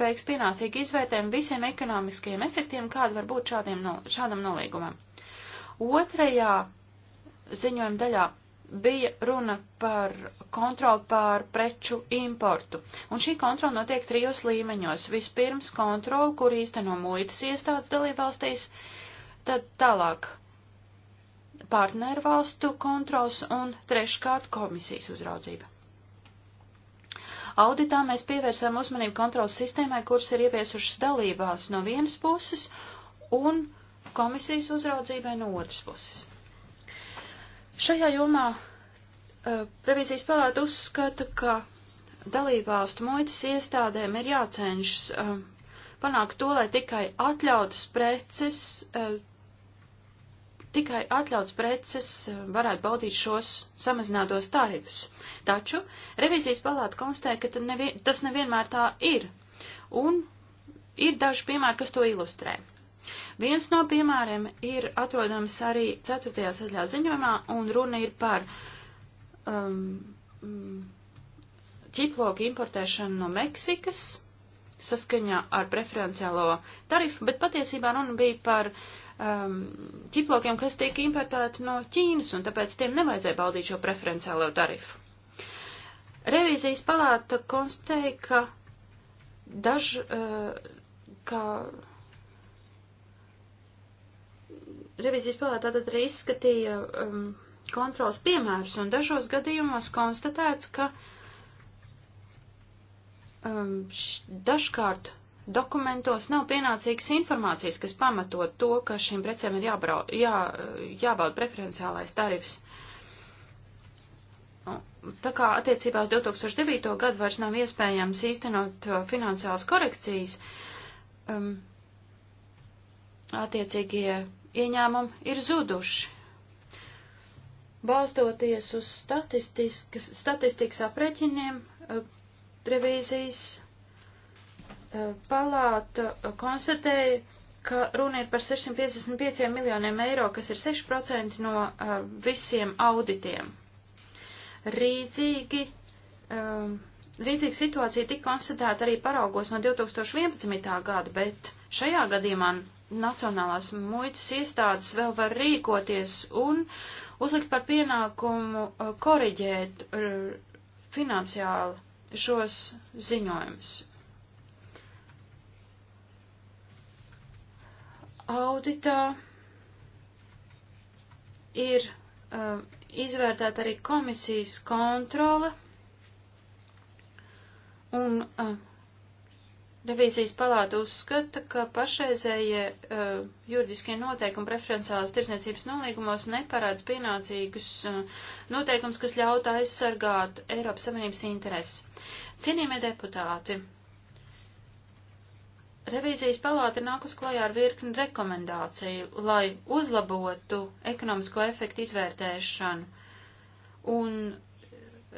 veiks pienācīgi izvērtējumu visiem ekonomiskajiem efektiem, kāda var būt šādiem, šādam nolīgumam. Otrajā ziņojuma daļā bija runa par kontroli pār preču importu. Un šī kontrola notiek trijos līmeņos. Vispirms kontroli, kur īsteno muitas iestādes dalībvalstīs, tad tālāk partneru valstu kontrols un treškārt komisijas uzraudzība. Auditā mēs pievērsām uzmanību kontrolas sistēmai, kuras ir ieviesušas dalībās no vienas puses un komisijas uzraudzībai no otras puses. Šajā jomā uh, revīzijas palāta uzskata, ka dalībvalstu muitas iestādēm ir jācenšas uh, panākt to, lai tikai atļautas preces uh, tikai atļauts preces eh, varētu baudīt šos samazinātos tarifus. Taču revizijas palāta konstatēja, ka nevien, tas nevienmēr tā ir, un ir daži piemēri, kas to ilustrē. Viens no piemēriem ir atrodams arī 4. sadaļā ziņojumā, un runa ir par um, mm, ķiploku importēšanu no Meksikas saskaņā ar preferenciālo tarifu, bet patiesībā runa bija par uh, um, ķiplokiem, kas tiek importēti no Ķīnas, un tāpēc tiem nevajadzēja baudīt šo preferenciālo tarifu. Revīzijas palāta konstatēja, ka daž, uh, ka revīzijas palāta tad arī izskatīja um, kontrols piemērus, un dažos gadījumos konstatēts, ka um, š, dažkārt Dokumentos nav pienācīgas informācijas, kas pamatot to, ka šīm precēm ir jābrau, jā, jābauda preferenciālais tarifs. Nu, tā kā attiecībā uz 2009. gadu vairs nav iespējams īstenot uh, finansiālas korekcijas, um, attiecīgie ieņēmumi ir zuduši. Balstoties uz statistikas aprēķiniem, uh, revīzijas palāta konstatēja, ka runa ir par 655 miljoniem eiro, kas ir 6% no uh, visiem auditiem. Rīdzīgi, um, rīdzīga situācija tika konstatēta arī paraugos no 2011. gada, bet šajā gadījumā nacionālās muitas iestādes vēl var rīkoties un uzlikt par pienākumu uh, koriģēt uh, finansiāli šos ziņojumus. auditā ir uh, izvērtēta arī komisijas kontrole un uh, Revīzijas palāta uzskata, ka pašreizējie uh, juridiskie noteikumi preferenciālās tirsniecības nolīgumos neparāds pienācīgus uh, noteikums, kas ļautu aizsargāt Eiropas Savienības intereses. Cienījamie deputāti, uh, Revīzijas palāta ir nākus klajā ar virkni rekomendāciju, lai uzlabotu ekonomisko efektu izvērtēšanu. Un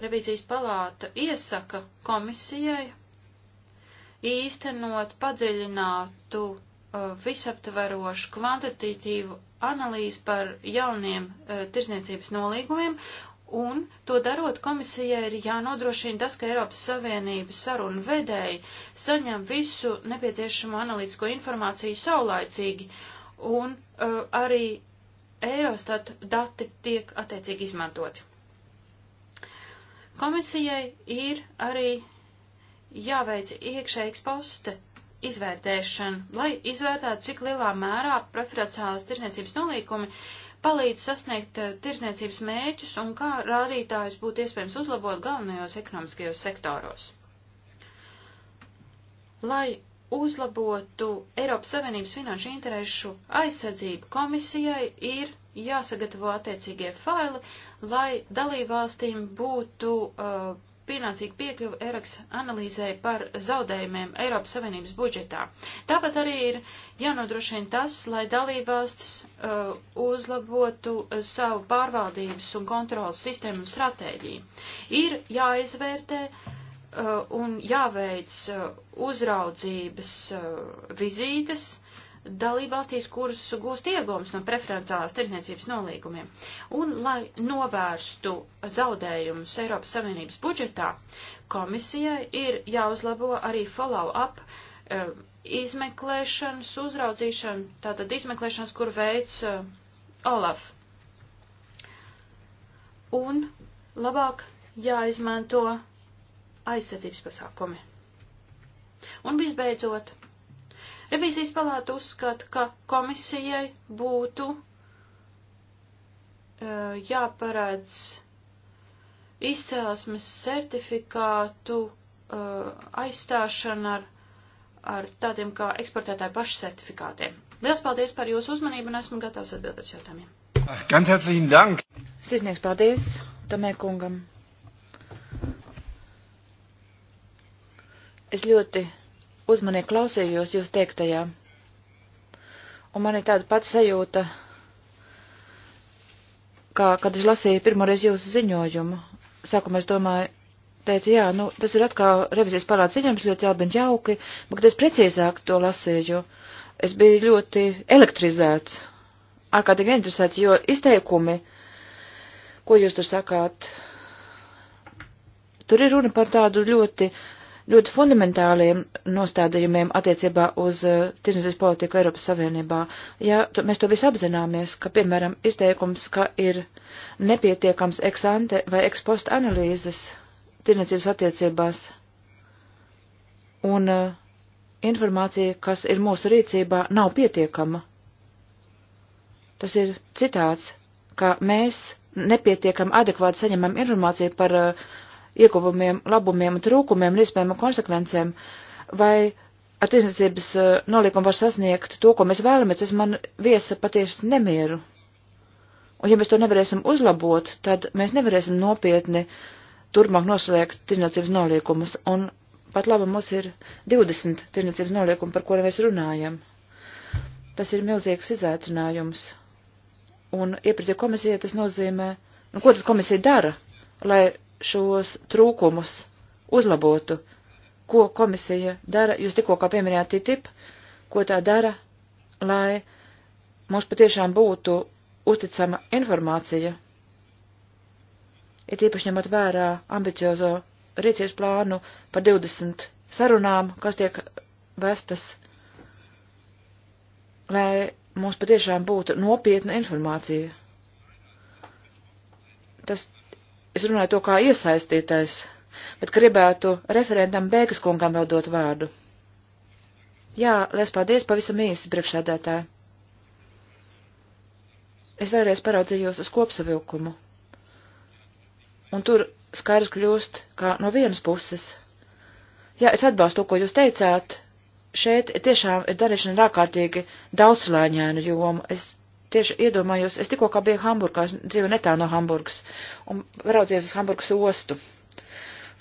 revīzijas palāta iesaka komisijai īstenot padziļinātu uh, visaptverošu kvantitatīvu analīzi par jauniem uh, tirzniecības nolīgumiem Un to darot, komisijai ir jānodrošina tas, ka Eiropas Savienības sarunu vedēji saņem visu nepieciešamo analītisko informāciju saulaicīgi, un uh, arī Eurostat dati tiek attiecīgi izmantoti. Komisijai ir arī jāveic iekšējais poste izvērtēšana, lai izvērtētu, cik lielā mērā preferenciālas tirsniecības nolīkumi uh, palīdz sasniegt eh, tirsniecības mēķus un kā rādītājus būtu iespējams uzlabot galvenajos ekonomiskajos sektoros. Lai uzlabotu Eiropas Savienības finanšu interesu aizsardzību komisijai ir jāsagatavo attiecīgie faili, lai dalībvalstīm būtu uh, pienācīgu piekļuvu Eraks analīzē par zaudējumiem Eiropas Savienības budžetā. Tāpat arī ir jānodrošina tas, lai dalībvalstis uh, uzlabotu uh, savu pārvaldības un kontrolas sistēmu un stratēģiju. Ir jāizvērtē uh, un jāveic uh, uzraudzības uh, vizītes dalībvalstīs, kuras gūst iegūmus no preferenciālās tirdzniecības nolīgumiem. Un, lai novērstu zaudējumus Eiropas Savienības budžetā, komisijai ir jāuzlabo arī follow-up e, izmeklēšanas, uzraudzīšana, tātad izmeklēšanas, kur veids e, Olaf. Un labāk jāizmanto aizsardzības pasākumi. Un visbeidzot, Revīzijas palāta uzskata, ka komisijai būtu uh, e, jāparādz izcēlesmes certifikātu uh, aizstāšana ar, ar tādiem kā eksportētāju pašu certifikātiem. Liels paldies par jūsu uzmanību un esmu gatavs atbildēt jautājumiem. Ganz herzlichen Dank! Sirsnieks paldies Tomē kungam! Es ļoti uzmanīgi klausījos jūs teiktajā, un man ir tāda pati sajūta, kā kad es lasīju pirmoreiz jūsu ziņojumu. Sākumā es domāju, teicu, jā, nu, tas ir atkal revizijas palāca ziņojums, ļoti labi un jauki, bet, kad es precīzāk to lasīju, es biju ļoti elektrizēts, ārkārtīgi interesēts, jo izteikumi, ko jūs tur sakāt, tur ir runa par tādu ļoti ļoti fundamentāliem nostādījumiem attiecībā uz uh, tirdzniecības politiku Eiropas Savienībā. Ja to, mēs to visu apzināmies, ka, piemēram, izteikums, ka ir nepietiekams eksante vai ekspost analīzes tirdzniecības attiecībās un uh, informācija, kas ir mūsu rīcībā, nav pietiekama. Tas ir citāts, ka mēs nepietiekam adekvāti saņemam informāciju par uh, ieguvumiem, labumiem un trūkumiem un iespējama konsekvencēm, vai ar tiesniecības eh, nolīkumu var sasniegt to, ko mēs vēlamies, tas man viesa patiesi nemieru. Un ja mēs to nevarēsim uzlabot, tad mēs nevarēsim nopietni turpmāk noslēgt tiesniecības nolīkumus. Un pat labi mums ir 20 tiesniecības nolīkumi, par kuriem mēs runājam. Tas ir milzīgs izaicinājums. Un iepriekšējā komisija tas nozīmē, nu ko tad komisija dara, lai šos trūkumus uzlabotu, ko komisija dara, jūs tikko kā pieminējāt TTIP, ko tā dara, lai mums patiešām būtu uzticama informācija, ir īpaši ņemot vērā ambiciozo rīcības plānu par 20 sarunām, kas tiek vestas, lai mums patiešām būtu nopietna informācija. Tas es runāju to kā iesaistītais, bet gribētu referentam Bēgas kungam vēl dot vārdu. Jā, liels paldies pavisam īsi priekšsēdētāji. Es vēlreiz paraudzījos uz kopsavilkumu. Un tur skaidrs kļūst, kā no vienas puses. Jā, es atbalstu to, ko jūs teicāt. Šeit tiešām ir darīšana ārkārtīgi daudzslāņēna joma. Es tieši iedomājos, es tikko kā biju Hamburgā, es dzīvoju netālu no Hamburgas, un raudzies uz Hamburgas ostu.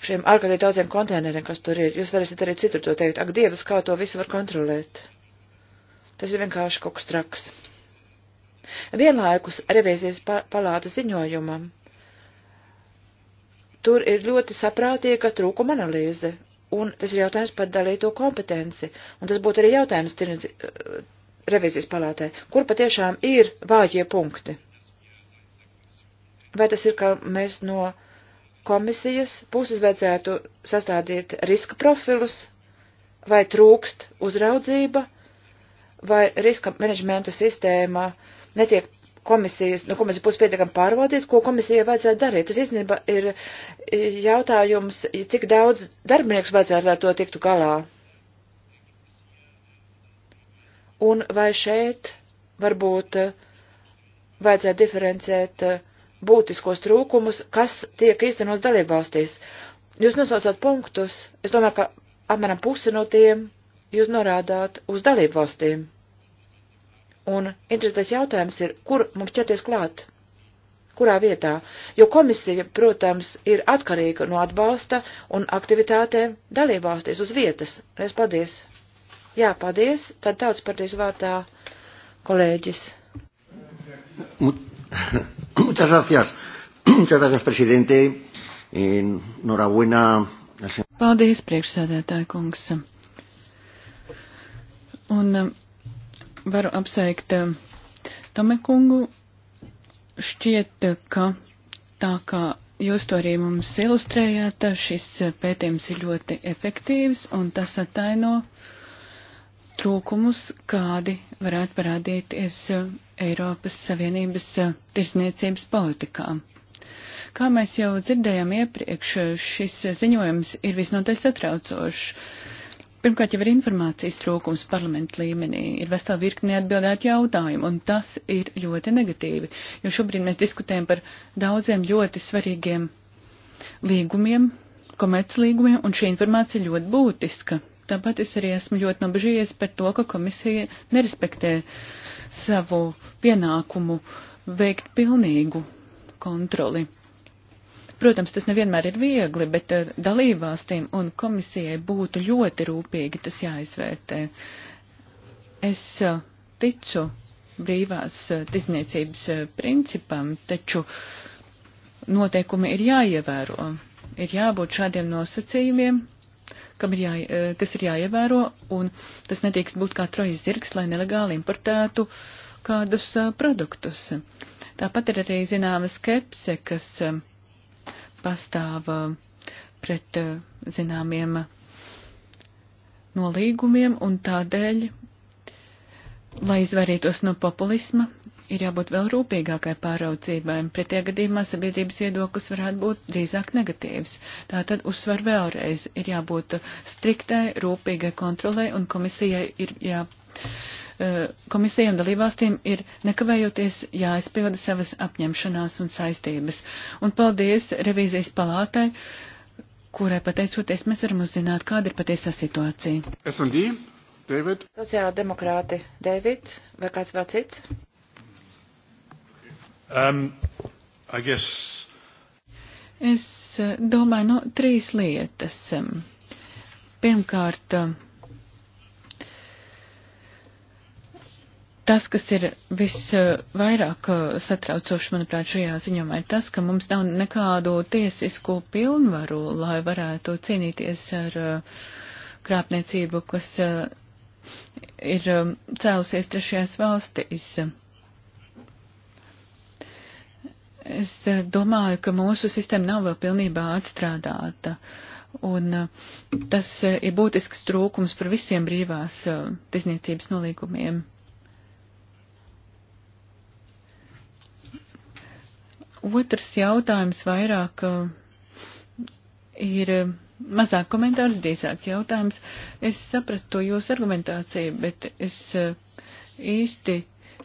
Šiem ārkārtīgi daudziem konteineriem, kas tur ir, jūs varēsiet arī citur to teikt, ak, Dievs, kā to visu var kontrolēt. Tas ir vienkārši kaut kas traks. Vienlaikus revīzijas palāta ziņojumam tur ir ļoti saprātīga trūkuma analīze, un tas ir jautājums par dalīto kompetenci, un tas būtu arī jautājums revizijas palātē, kur patiešām ir vājie punkti. Vai tas ir, ka mēs no komisijas puses vajadzētu sastādīt riska profilus, vai trūkst uzraudzība, vai riska menedžmenta sistēma netiek komisijas, no nu, komisijas puses pietiekami pārvaldīt, ko komisijai vajadzētu darīt. Tas īstenībā ir jautājums, cik daudz darbinieks vajadzētu, lai to tiktu galā. un vai šeit varbūt eh, vajadzētu diferencēt eh, būtiskos trūkumus, kas tiek īstenos dalībvalstīs. Jūs nosaucāt punktus, es domāju, ka apmēram pusi no tiem jūs norādāt uz dalībvalstīm. Un interesants jautājums ir, kur mums ķerties klāt? Kurā vietā? Jo komisija, protams, ir atkarīga no atbalsta un aktivitātēm dalībvalstīs uz vietas. Es paldies! Jā, paldies. Tad tautas partijas vārdā kolēģis. (coughs) Muchas gracias. (coughs) Muchas gracias, presidente. Eh, enhorabuena. Paldies, priekšsēdētāji kungs. Un eh, varu apsveikt eh, Tome kungu. Šķiet, ka tā kā jūs to arī mums ilustrējāt, šis pētījums ir ļoti efektīvs un tas attaino trūkumus, kādi varētu parādīties eh, Eiropas Savienības eh, tirsniecības politikā. Kā mēs jau dzirdējām iepriekš, šis ziņojums ir visnotaļ satraucošs. Pirmkārt, jau ir informācijas trūkums parlamentu līmenī, ir vesela virkni atbildētu jautājumu, un tas ir ļoti negatīvi, jo šobrīd mēs diskutējam par daudziem ļoti svarīgiem līgumiem, komerclīgumiem, un šī informācija ļoti būtiska Tāpat es arī esmu ļoti nobežījies par to, ka komisija nerespektē savu pienākumu veikt pilnīgu kontroli. Protams, tas nevienmēr ir viegli, bet eh, dalībvalstīm un komisijai būtu ļoti rūpīgi tas jāizvērtē. Es eh, ticu brīvās eh, tizniecības principam, taču noteikumi ir jāievēro. Ir jābūt šādiem nosacījumiem, kam ir jā, kas eh, ir jāievēro, un tas netiekst būt kā trojas zirgs, lai nelegāli importētu kādus eh, produktus. Tāpat ir arī zināma skepse, kas eh, pastāv pret zināmiem nolīgumiem, un tādēļ, lai izvairītos no populisma, ir jābūt vēl rūpīgākai pāraudzībai, pretie gadījumā sabiedrības viedoklis varētu būt drīzāk negatīvs. Tātad uzsver vēlreiz, ir jābūt striktai, rūpīgai kontrolē un komisijai ir jā. E, Komisija un dalībvalstīm ir nekavējoties jāizpilda savas apņemšanās un saistības. Un paldies revīzijas palātai, kurai pateicoties mēs varam uzzināt, kāda ir patiesā situācija. S&D, David. Sociāldemokrāti, David, vai kāds vēl cits? Um, I guess... Es uh, domāju, nu, trīs lietas. Um, pirmkārt, um, tas, kas ir visvairāk uh, satraucoši, manuprāt, šajā ziņomā ir tas, ka mums nav nekādu tiesisku pilnvaru, lai varētu cīnīties ar uh, krāpniecību, kas ir um, cēlusies trešajās valstīs. Es eh, domāju, ka mūsu sistēma nav vēl pilnībā atstrādāta. Un eh, tas eh, ir būtisks trūkums par visiem brīvās tirzniecības nolīgumiem. Otrs jautājums vairāk ir mazāk komentārs, drīzāk jautājums. Es sapratu jūsu argumentāciju, bet es īsti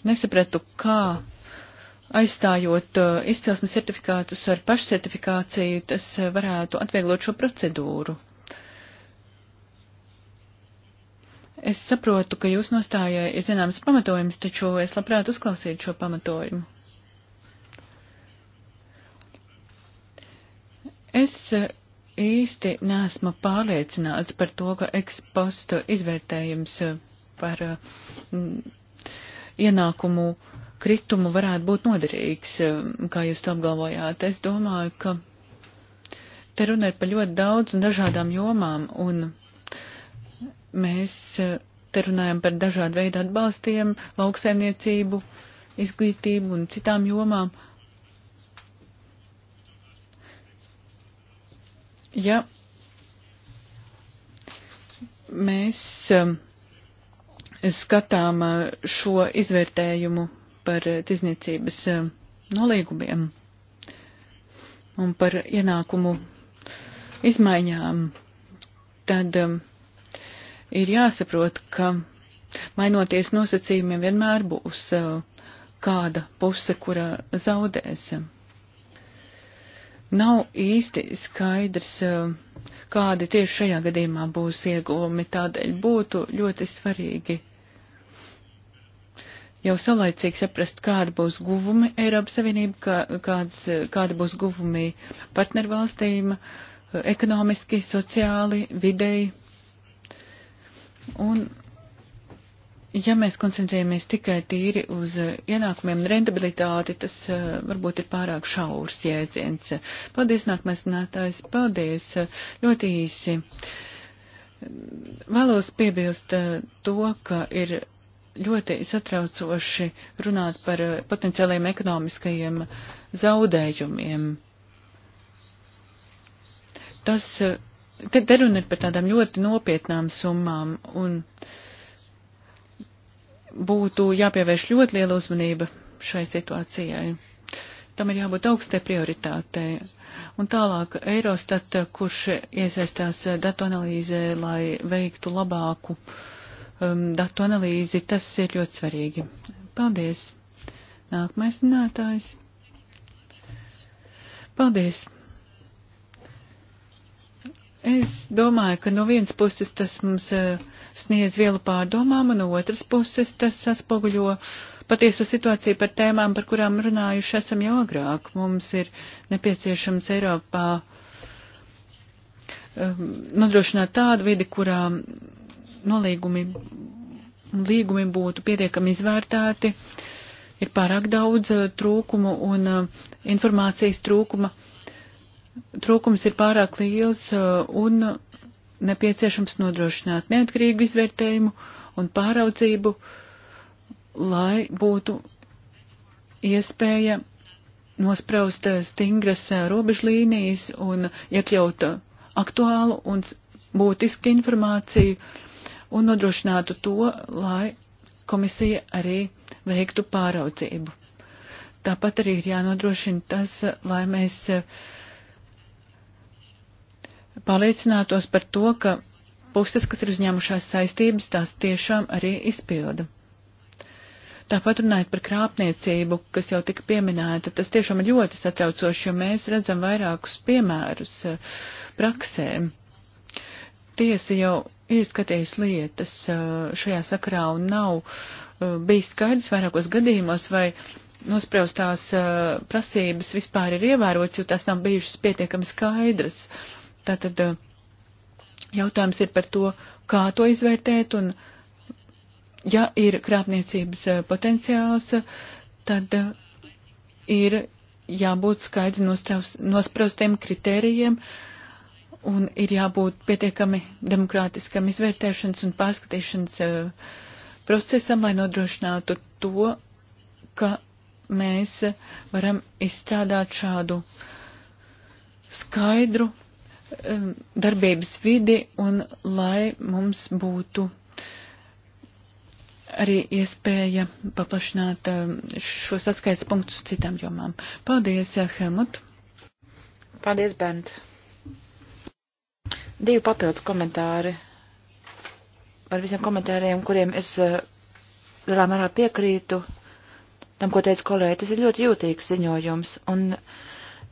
nesapratu, kā aizstājot eh, izcelsmes certifikātus ar pašcertifikāciju, tas eh, varētu atvieglot šo procedūru. Es saprotu, ka jūs nostājai ir zināms pamatojums, taču es labprāt uzklausītu šo pamatojumu. Es eh, īsti nesmu pārliecināts par to, ka ekspostu izvērtējums par mm, ienākumu uh, kritumu varētu būt noderīgs, um, kā jūs to apgalvojāt. Es domāju, ka te runa ir par ļoti daudz un dažādām jomām, un mēs uh, te runājam par dažādu veidu atbalstiem, lauksaimniecību, izglītību un citām jomām. Ja mēs um, skatām uh, šo izvērtējumu par eh, tirzniecības eh, nolīgumiem un par ienākumu izmaiņām, tad eh, ir jāsaprot, ka mainoties nosacījumiem vienmēr būs kāda puse, kura zaudēs. Nav īsti skaidrs, kādi tieši šajā gadījumā būs ieguvumi, tādēļ būtu ļoti svarīgi jau saulaicīgi saprast, kāda būs guvumi Eiropas Savienība, kā, kāds, kāda būs guvumi partnervalstīm ekonomiski, sociāli, videi. Un ja mēs koncentrējamies tikai tīri uz ienākumiem un rentabilitāti, tas uh, varbūt ir pārāk šaurs jēdziens. Paldies, nākamais runātājs. Paldies. Ļoti īsi. Vēlos piebilst uh, to, ka ir ļoti satraucoši runāt par eh, potenciāliem ekonomiskajiem zaudējumiem. Tas, eh, te, te runa ir par tādām ļoti nopietnām summām un būtu jāpievērš ļoti liela uzmanība šai situācijai. Tam ir jābūt augstai prioritātei. Un tālāk Eirostat, kurš iesaistās datu analīzē, lai veiktu labāku uh, um, datu analīzi, tas ir ļoti svarīgi. Paldies! Nākamais zinātājs. Paldies! Es domāju, ka no vienas puses tas mums uh, sniedz vielu pārdomām, un no otras puses tas saspoguļo patieso situāciju par tēmām, par kurām runājuši esam jau agrāk. Mums ir nepieciešams Eiropā um, nodrošināt tādu vidi, kurā nolīgumi un līgumi būtu pietiekami izvērtēti, ir pārāk daudz eh, trūkumu un eh, informācijas trūkuma. Trūkums ir pārāk liels eh, un nepieciešams nodrošināt neatkarīgu izvērtējumu un pāraudzību, lai būtu iespēja nospraust stingras robežlīnijas un iekļaut aktuālu un būtisku informāciju un nodrošinātu to, lai komisija arī veiktu pāraudzību. Tāpat arī ir jānodrošina tas, lai mēs eh, pārliecinātos par to, ka puses, kas ir uzņēmušās saistības, tās tiešām arī izpilda. Tāpat runājot par krāpniecību, kas jau tika pieminēta, tas tiešām ir ļoti satraucoši, jo mēs redzam vairākus piemērus eh, praksēm tiesa jau ir skatījusi lietas šajā sakrā un nav bijis skaidrs vairākos gadījumos, vai nospraustās prasības vispār ir ievērots, jo tās nav bijušas pietiekami skaidras. Tātad jautājums ir par to, kā to izvērtēt un, ja ir krāpniecības potenciāls, tad ir jābūt skaidri nospraustiem kritērijiem, uh, un ir jābūt pietiekami demokrātiskam izvērtēšanas un pārskatīšanas eh, procesam, lai nodrošinātu to, ka mēs varam izstrādāt šādu skaidru eh, darbības vidi un lai mums būtu arī iespēja paplašināt eh, šos atskaits punktus citām jomām. Paldies, Helmut! Paldies, Bent! Divi papildus komentāri ar visiem komentāriem, kuriem es eh, lielā mērā piekrītu tam, ko teica kolēģi. Tas ir ļoti jūtīgs ziņojums. Un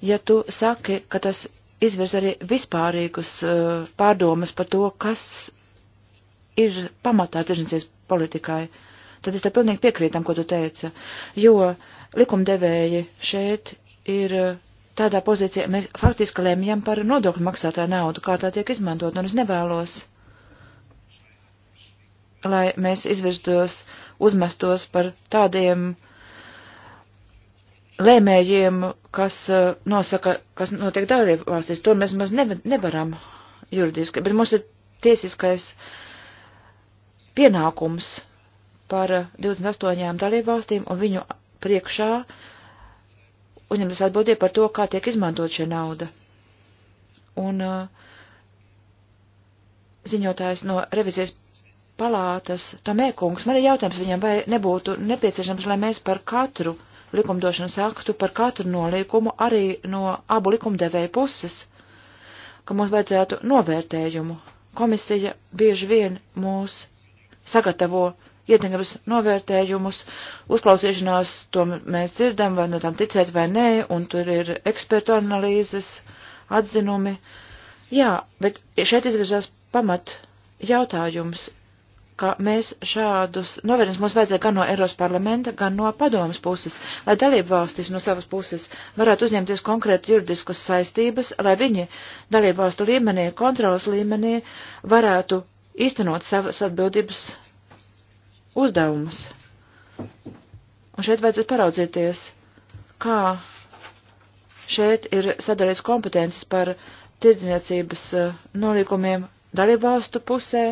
ja tu saki, ka tas izvirs arī vispārīgus eh, pārdomas par to, kas ir pamatā tirdzniecības politikai, tad es te pilnīgi piekrītam, ko tu teici. Jo likumdevēji šeit ir eh, tādā pozīcijā mēs faktiski lēmjam par nodokļu maksātāju naudu, kā tā tiek izmantot, un es nevēlos, lai mēs izvirztos, uzmestos par tādiem lēmējiem, kas eh, nosaka, kas notiek dalībvalstīs. To mēs maz nevaram juridiski, bet mums ir tiesiskais pienākums par 28 eh, dalībvalstīm un viņu priekšā uzņemtas atbildība par to, kā tiek izmantot šī nauda. Un uh, ziņotājs no revizijas palātas, Tomēkungs, man ir jautājums viņam, vai nebūtu nepieciešams, lai mēs par katru likumdošanas aktu, par katru nolīkumu arī no abu likumdevēju puses, ka mums vajadzētu novērtējumu. Komisija bieži vien mūs sagatavo ietekmes novērtējumus, uzklausīšanās, to mēs dzirdam, vai no tām ticēt vai nē, un tur ir ekspertu analīzes, atzinumi. Jā, bet šeit izvirzās pamat jautājums, ka mēs šādus novērtējumus mums vajadzēja gan no Eiropas parlamenta, gan no padomas puses, lai dalību valstis no savas puses varētu uzņemties konkrēti juridiskas saistības, lai viņi dalību valstu līmenī, kontrolas līmenī varētu īstenot savas atbildības uzdevumus. Un šeit vajadzētu paraudzīties, kā šeit ir sadarīts kompetences par tirdzniecības eh, nolīkumiem dalībvalstu pusē,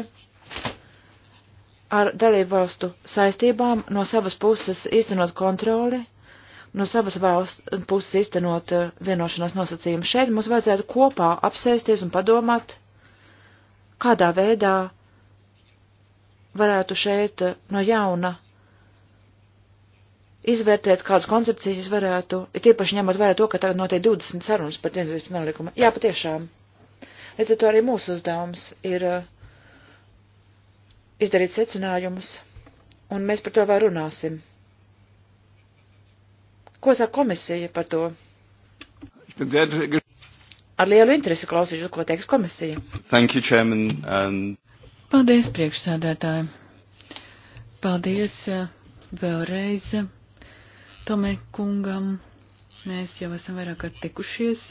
ar dalībvalstu saistībām no savas puses īstenot kontroli, no savas valsts eh, puses īstenot eh, vienošanās nosacījumu. Šeit mums vajadzētu kopā apsēsties un padomāt, kādā veidā varētu šeit eh, no jauna izvērtēt, kādas koncepcijas varētu, ir tiepaši ņemot vērā to, ka tagad notiek 20 sarunas par tiesības nolikumu. Jā, patiešām. Līdz ar to arī mūsu uzdevums ir eh, izdarīt secinājumus, un mēs par to vēl runāsim. Ko saka komisija par to? Ar lielu interesi klausīšu, ko teiks komisija. Thank you, Chairman. Um... Paldies, priekšsādētāji. Paldies eh, vēlreiz eh, Tome kungam. Mēs jau esam vairāk kārt tikušies.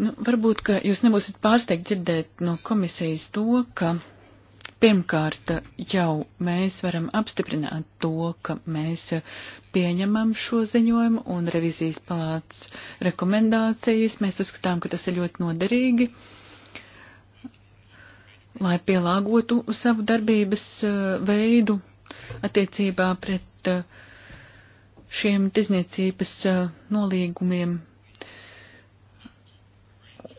Nu, varbūt, ka jūs nebūsiet pārsteigti dzirdēt no komisijas to, ka pirmkārt eh, jau mēs varam apstiprināt to, ka mēs pieņemam šo ziņojumu un revizijas palāts rekomendācijas. Mēs uzskatām, ka tas ir ļoti noderīgi. Uh, lai pielāgotu savu darbības eh, veidu attiecībā pret eh, šiem tizniecības eh, nolīgumiem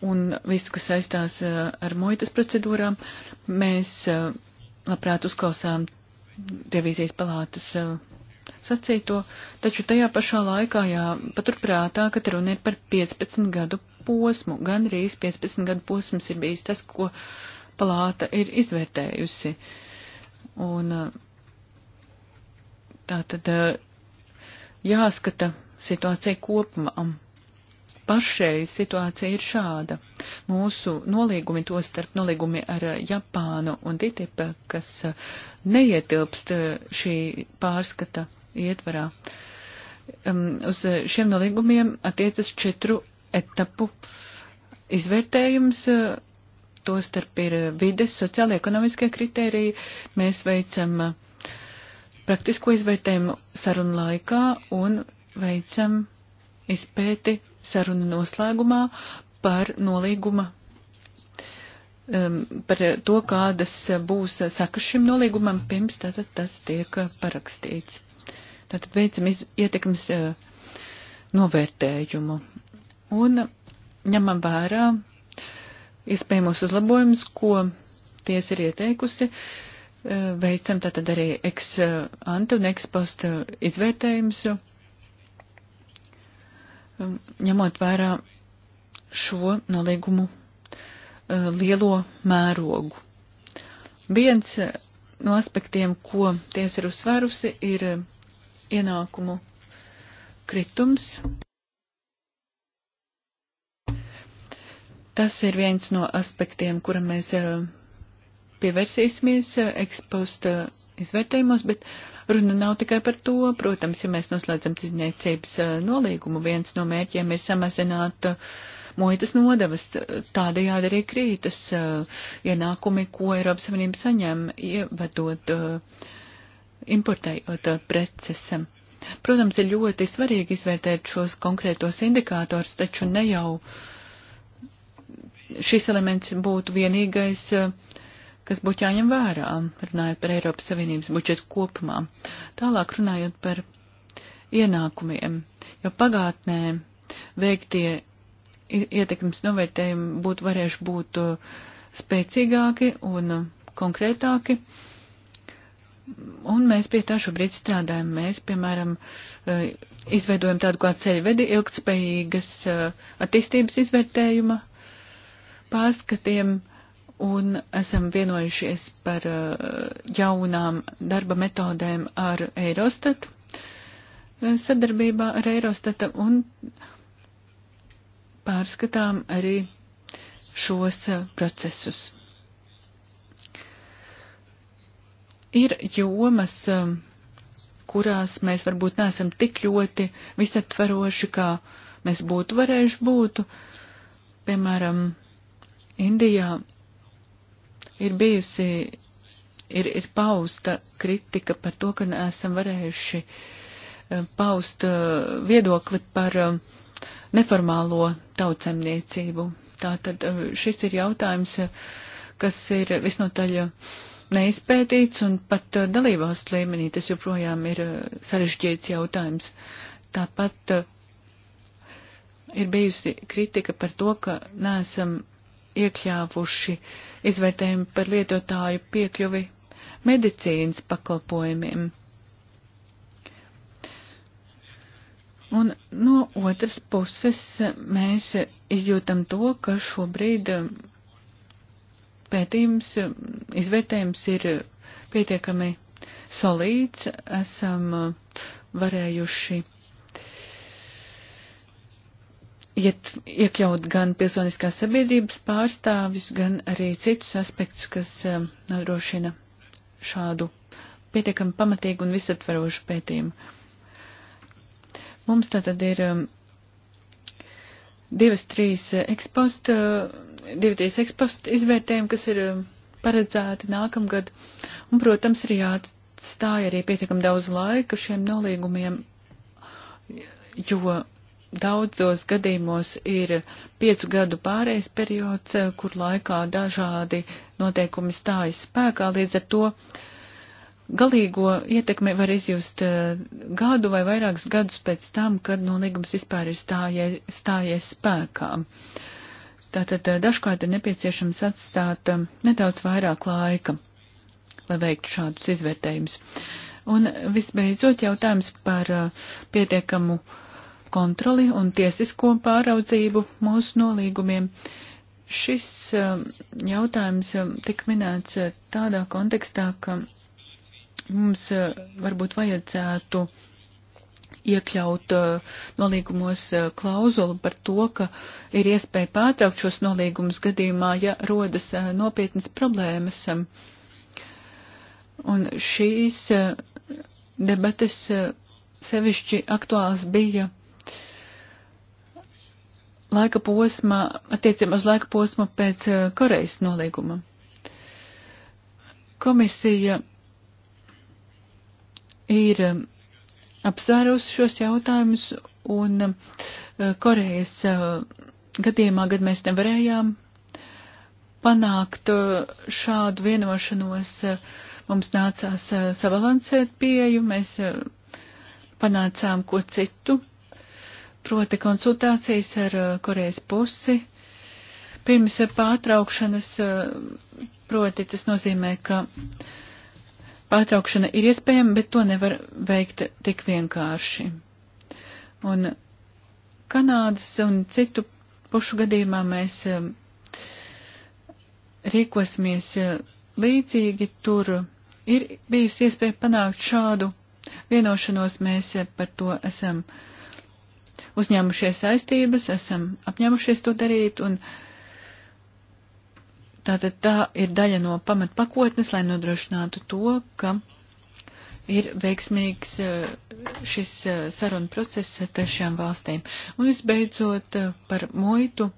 un visu, kas saistās ar muitas procedūrām. Mēs labprāt uzklausām revīzijas palātas sacīto, taču tajā pašā laikā jāpaturprātā, ka te runa ir par 15 gadu posmu, gan arī 15 gadu posms ir bijis tas, ko uh, palāta ir izvērtējusi. Un eh, tā tad eh, jāskata situācija kopumā. Pašreiz situācija ir šāda. Mūsu nolīgumi, to starp nolīgumi ar eh, Japānu un TTIP, kas neietilpst šī pārskata ietvarā, um, uz šiem nolīgumiem attiecas četru etapu izvērtējums to starp ir eh, vides, sociāli ekonomiskie kritēriji. Mēs veicam eh, praktisko izvērtējumu sarunu laikā un veicam izpēti sarunu noslēgumā par nolīguma, ehm, par to, kādas būs sekas šim nolīgumam, pirms tātad tas tiek parakstīts. Tātad veicam iz, ietekmes eh, novērtējumu un ņemam vērā iespējamos uzlabojumus, ko tiesa ir ieteikusi. Eh, veicam tātad arī ex eh, ante un ex post eh, izvērtējumus, um, ņemot vērā šo nolīgumu lielo mērogu. Viens no aspektiem, ko tiesa ir uzsvērusi, ir ienākumu kritums. Tas ir viens no aspektiem, kuram mēs eh, pievērsīsimies eh, eksposta eh, izvērtējumos, bet runa nav tikai par to. Protams, ja mēs noslēdzam izniecības nolīgumu, viens no mērķiem ir samazināt muitas nodevas, tādējādi arī krītas ienākumi, ko Eiropas Savienība saņem, ievadot, importējot preces. Protams, ir ļoti svarīgi izvērtēt šos konkrētos indikātors, taču ne jau uh, šis elements būtu vienīgais, eh, kas būtu jāņem vērā, runājot par Eiropas Savienības budžetu kopumā. Tālāk runājot par ienākumiem, jo pagātnē veiktie ietekmes novērtējumi būtu varējuši būt eh, spēcīgāki un eh, konkrētāki. Un mēs pie tā šobrīd strādājam. Mēs, piemēram, izveidojam tādu kā ceļvedi ilgtspējīgas attīstības izvērtējuma pārskatiem un esam vienojušies par eh, jaunām darba metodēm ar Eirostat, eh, sadarbībā ar Eirostata un pārskatām arī šos eh, procesus. Ir jomas, kurās mēs varbūt neesam tik ļoti visatvaroši, kā mēs būtu varējuši būt, piemēram, Indijā ir bijusi, ir, ir pausta kritika par to, ka esam varējuši eh, paust eh, viedokli par eh, neformālo tautsemniecību. Tātad šis ir jautājums, kas ir visnotaļ neizpētīts un pat dalībvalstu līmenī tas joprojām ir sarežģīts jautājums. Tāpat ir bijusi kritika par to, ka neesam iekļāvuši izvērtējumu par lietotāju piekļuvi medicīnas pakalpojumiem. Un no otras puses mēs izjūtam to, ka šobrīd pētījums, izvērtējums ir pietiekami solīts, esam varējuši iet, iekļaut gan pilsoniskās sabiedrības pārstāvis, gan arī citus aspektus, kas um, nodrošina šādu pietiekami pamatīgu un visaptvarošu pētījumu. Mums tātad ir um, divas, trīs eh, ekspostu, divi, trīs ekspostu izvērtējumi, kas ir paredzēti nākamgad. Un, protams, ir jāatstāja arī pietiekam daudz laika šiem nolīgumiem, jo daudzos gadījumos ir piecu gadu pārējais periods, eh, kur laikā dažādi noteikumi stājas spēkā, līdz ar to galīgo ietekmi var izjust eh, gadu vai vairākus gadus pēc tam, kad nolīgums vispār ir stājies, stājies spēkā. Tātad eh, dažkārt ir nepieciešams atstāt nedaudz vairāk laika, lai veiktu šādus izvērtējumus. Un visbeidzot jautājums par pietiekamu uh, kontroli un tiesisko pāraudzību mūsu nolīgumiem. Šis um, jautājums um, tika minēts uh, tādā kontekstā, ka mums uh, varbūt vajadzētu iekļaut uh, nolīgumos klauzulu par to, ka ir iespēja pārtraukt šos nolīgumus gadījumā, ja rodas nopietnas problēmas. Um. Un šīs debates sevišķi aktuāls bija laika posma, attiecībā uz laika posmu pēc eh, Korejas nolīguma. Komisija ir eh, apsvērusi šos jautājumus un eh, Korejas gadījumā, kad mēs nevarējām panākt šādu vienošanos, mums nācās sabalansēt pieju, mēs panācām ko citu, proti konsultācijas ar uh, Korejas pusi pirms uh, pārtraukšanas, uh, proti tas nozīmē, ka pārtraukšana ir iespējama, bet to nevar veikt tik vienkārši. Un Kanādas un citu pušu gadījumā mēs um, rīkosimies līdzīgi, tur ir bijusi iespēja panākt šādu vienošanos, mēs par to esam uh, uzņēmušies saistības, esam apņēmušies to darīt, un tātad tā ir daļa no pamatpakotnes, lai nodrošinātu to, ka ir veiksmīgs eh, šis eh, saruna process ar trešajām valstīm. Un visbeidzot eh, par muitu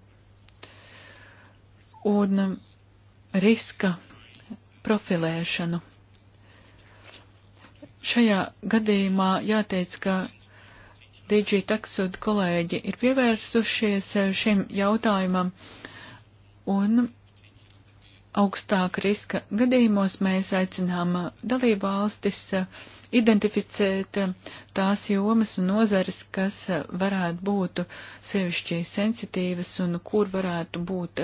un riska profilēšanu. Šajā gadījumā jāteic, ka DG taksud kolēģi ir pievērsušies eh, šim jautājumam, un augstāk riska gadījumos mēs aicinām eh, dalību valstis eh, identificēt tās jomas un nozares, kas varētu būt sevišķi sensitīvas un kur varētu būt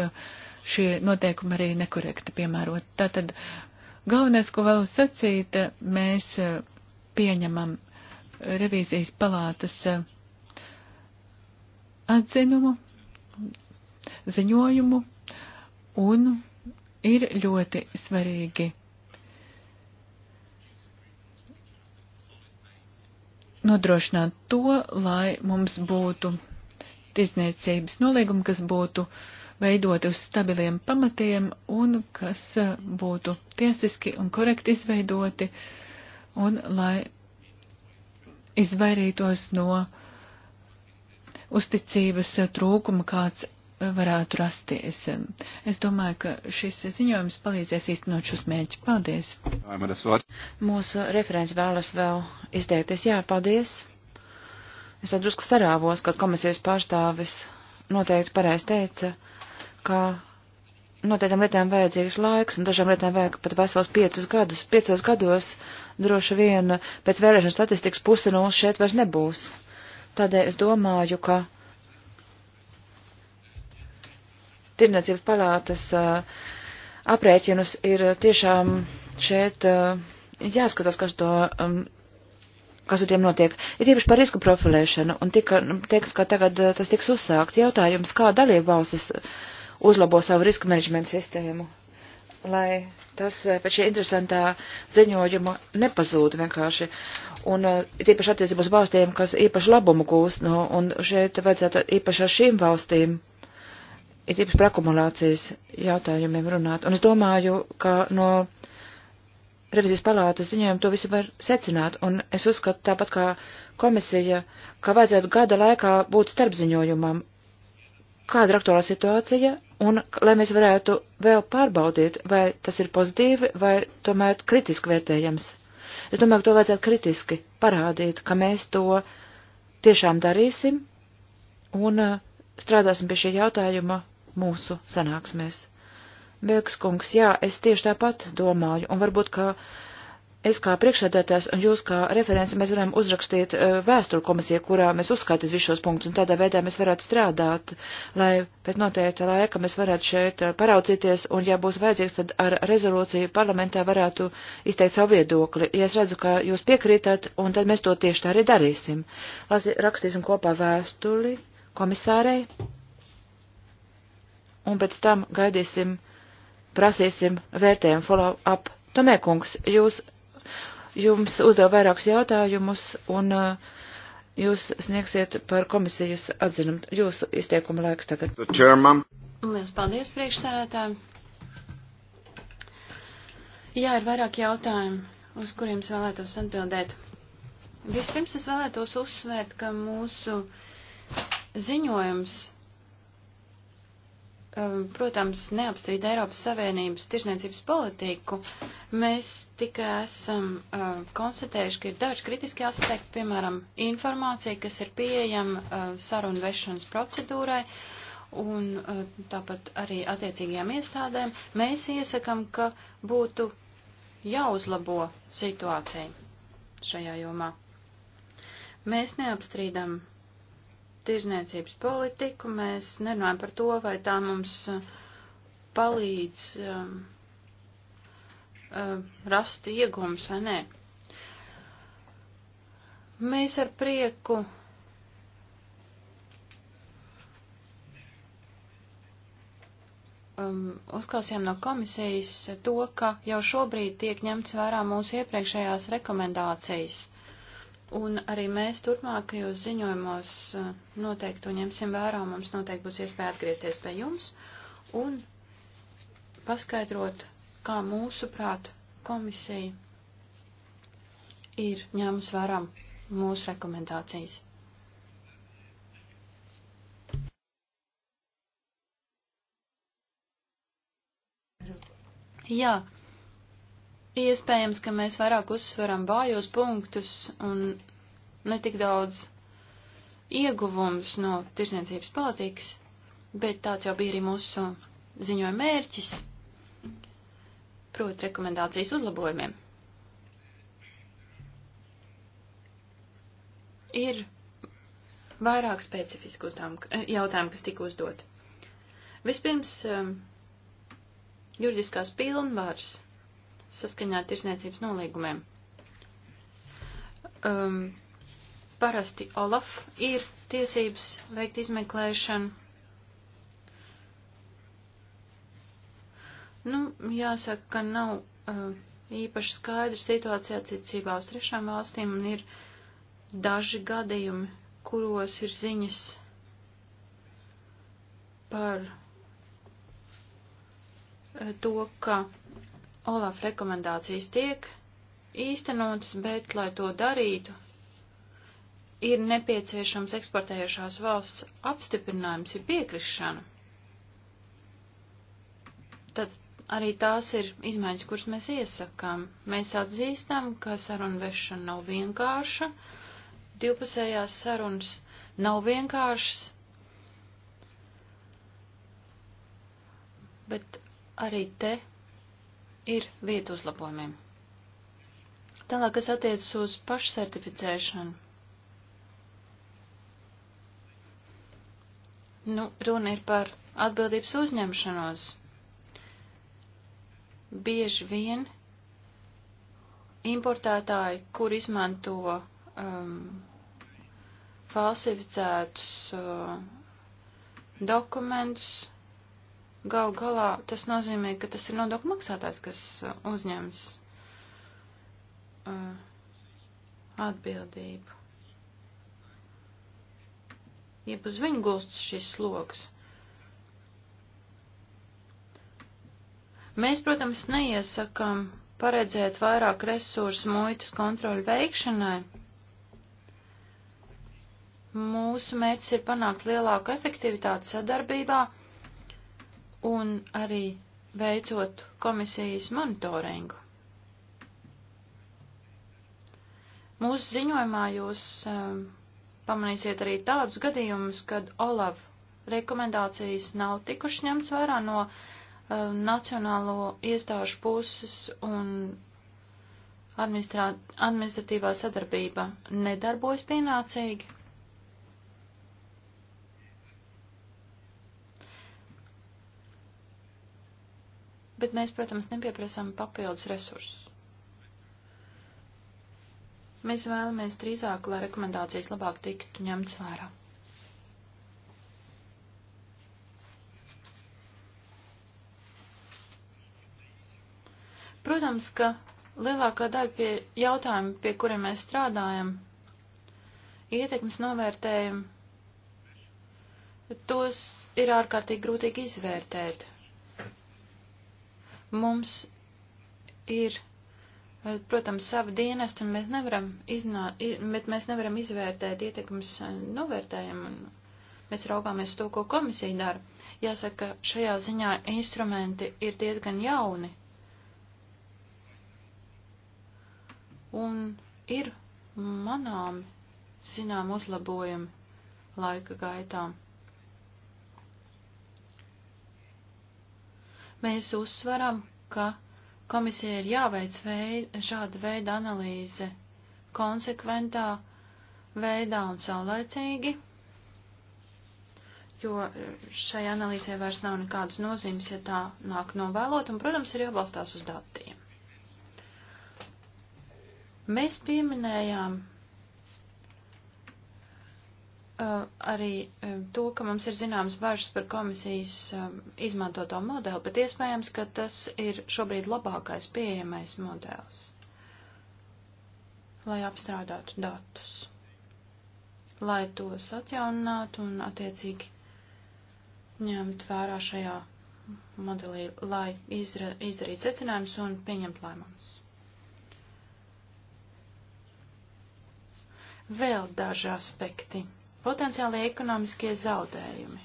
šie noteikumi arī nekorekti piemērot. Tātad galvenais, ko vēlos sacīt, mēs pieņemam uh, revīzijas palātas eh, atzinumu, ziņojumu, un ir ļoti svarīgi nodrošināt to, lai mums būtu tirzniecības nolīgumi, kas būtu veidoti uz stabiliem pamatiem un kas eh, būtu tiesiski un korekti izveidoti, un lai izvairītos no uzticības trūkuma, kāds varētu rasties. Es domāju, ka šis ziņojums palīdzēs īstenot šos mērķus. Paldies! Mūsu referents vēlas vēl izteikties. Jā, paldies! Es tad drusku sarāvos, kad komisijas pārstāvis noteikti pareiz teica, ka noteiktām nu, lietām vajadzīgs laiks, un dažām lietām vajag pat vesels piecus gadus. Piecos gados droši vien pēc vēlēšana statistikas puse no mums šeit vairs nebūs. Tādēļ es domāju, ka Tirniecības palātas uh, aprēķinus ir tiešām šeit uh, jāskatās, kas to um, kas ar tiem notiek. Ir īpaši par risku profilēšanu, un tika, nu, teiks, ka tagad uh, tas tiks uzsākts. Jautājums, kā dalība valstis uzlabo savu risku menedžmenta sistēmu, lai tas eh, pēc šī interesantā ziņojuma nepazūd vienkārši. Un eh, tīpaši attiecībā uz valstīm, kas īpaši labumu gūst, nu, un šeit vajadzētu īpaši ar šīm valstīm, ir tīpaši par akumulācijas jautājumiem runāt. Un es domāju, ka no revizijas palātas ziņojuma to visu var secināt, un es uzskatu tāpat kā komisija, ka vajadzētu gada laikā būt starpziņojumam kāda ir aktuālā situācija, un lai mēs varētu vēl pārbaudīt, vai tas ir pozitīvi, vai tomēr kritiski vērtējams. Es domāju, ka to vajadzētu kritiski parādīt, ka mēs to tiešām darīsim un uh, strādāsim pie šī jautājuma mūsu sanāksmēs. Bēgs kungs, jā, es tieši tāpat domāju, un varbūt, ka es kā priekšsēdētājs un jūs kā referents, mēs varam uzrakstīt eh, vēsturu komisiju, kurā mēs uzskaitīs visus šos punktus, un tādā veidā mēs varētu strādāt, lai pēc noteikta laika mēs varētu šeit eh, paraudzīties, un ja būs vajadzīgs, tad ar rezolūciju parlamentā varētu izteikt savu viedokli. Ja es redzu, ka jūs piekrītat, un tad mēs to tieši tā arī darīsim. Lasi, rakstīsim kopā vēstuli komisārei, un pēc tam gaidīsim, prasīsim vērtējumu follow-up. Tomēr, kungs, jūs jums uzdev vairākus jautājumus un uh, jūs sniegsiet par komisijas atzinumu. Jūsu izteikuma laiks tagad. Lielas paldies priekšsēdētājiem. Jā, ir vairāk jautājumu, uz kuriem es vēlētos atbildēt. Vispirms es vēlētos uzsvērt, ka mūsu ziņojums Um, protams, neapstrīd Eiropas Savienības tirsniecības politiku. Mēs tikai esam uh, konstatējuši, ka ir daži kritiski aspekti, piemēram, informācija, kas ir pieejama uh, sarunu vešanas procedūrai un uh, tāpat arī attiecīgajām iestādēm. Mēs iesakam, ka būtu jāuzlabo situācija šajā jomā. Mēs neapstrīdam tirzniecības politiku, mēs nerunājam par to, vai tā mums uh, palīdz um, um, rast iegums, vai nē. Mēs ar prieku um, uzklausījām no komisijas to, ka jau šobrīd tiek ņemts vērā mūsu iepriekšējās rekomendācijas. Un arī mēs turpmākajos ziņojumos uh, noteikti to ņemsim vērā, mums noteikti būs iespēja atgriezties pie jums un paskaidrot, kā mūsuprāt komisija ir ņēmus vērā mūsu rekomendācijas. Jā, Iespējams, ka mēs vairāk uzsveram vājos punktus un ne tik daudz ieguvums no tirsniecības politikas, bet tāds jau bija arī mūsu ziņojuma mērķis, proti rekomendācijas uzlabojumiem. Ir vairāk specifisku eh, jautājumu, kas tika uzdot. Vispirms, eh, juridiskās pilnvaras saskaņā ar tirsniecības nolīgumiem. Um, parasti Olaf ir tiesības veikt izmeklēšanu. Nu, jāsaka, ka nav uh, īpaši skaidra situācija attiecībā uz trešām valstīm un ir daži gadījumi, kuros ir ziņas par uh, to, ka Olaf rekomendācijas tiek īstenotas, bet, lai to darītu, ir nepieciešams eksportējušās valsts apstiprinājums, ir piekrišana. Tad arī tās ir izmaiņas, kuras mēs iesakām. Mēs atzīstam, ka sarunvešana nav vienkārša, divpusējās sarunas nav vienkāršas, bet arī te ir vieta uzlabojumiem. Tālāk, kas attiecas uz pašsertificēšanu. Nu, runa ir par atbildības uzņemšanos. Bieži vien importētāji, kur izmanto um, falsificētus uh, dokumentus, Gau galā tas nozīmē, ka tas ir nodokļu maksātājs, kas uh, uzņems uh, atbildību. Jeb uz viņu gulsts šis sloks. Mēs, protams, neiesakam paredzēt vairāk resursu muitas kontroļu veikšanai. Mūsu mērķis ir panākt lielāku efektivitāti sadarbībā un arī veicot komisijas monitoringu. Mūsu ziņojumā jūs um, pamanīsiet arī tādus gadījumus, kad OLAV rekomendācijas nav tikuši ņemts vērā no um, nacionālo iestāžu puses un administratīvā sadarbība nedarbojas pienācīgi. bet mēs, protams, nepieprasām papildus resursus. Mēs vēlamies drīzāk, lai rekomendācijas labāk tiktu ņemts vērā. Protams, ka lielākā daļa pie jautājumu, pie kuriem mēs strādājam, ietekmes novērtējumi, tos ir ārkārtīgi grūtīgi izvērtēt. Mums ir, eh, protams, sava dienesta, un mēs nevaram, iznā, bet mēs nevaram izvērtēt ietekmes eh, novērtējumu. Mēs raugāmies to, ko komisija dara. Jāsaka, šajā ziņā instrumenti ir diezgan jauni. Un ir manām zinām uzlabojumi laika gaitām. Mēs uzsveram, ka komisija ir jāveic veid, šāda veida analīze konsekventā veidā un saulēcīgi, jo šai analīzē vairs nav nekādas nozīmes, ja tā nāk novēlot, un, protams, ir jābalstās uz datiem. Mēs pieminējām Uh, arī uh, to, ka mums ir zināms bažas par komisijas uh, izmantoto modeli, bet iespējams, ka tas ir šobrīd labākais pieejamais modelis, lai apstrādātu datus, lai tos atjauninātu un attiecīgi ņemt vērā šajā modelī, lai izra, izdarītu secinājumus un pieņemt lēmumus. Vēl daži aspekti potenciālie ekonomiskie zaudējumi.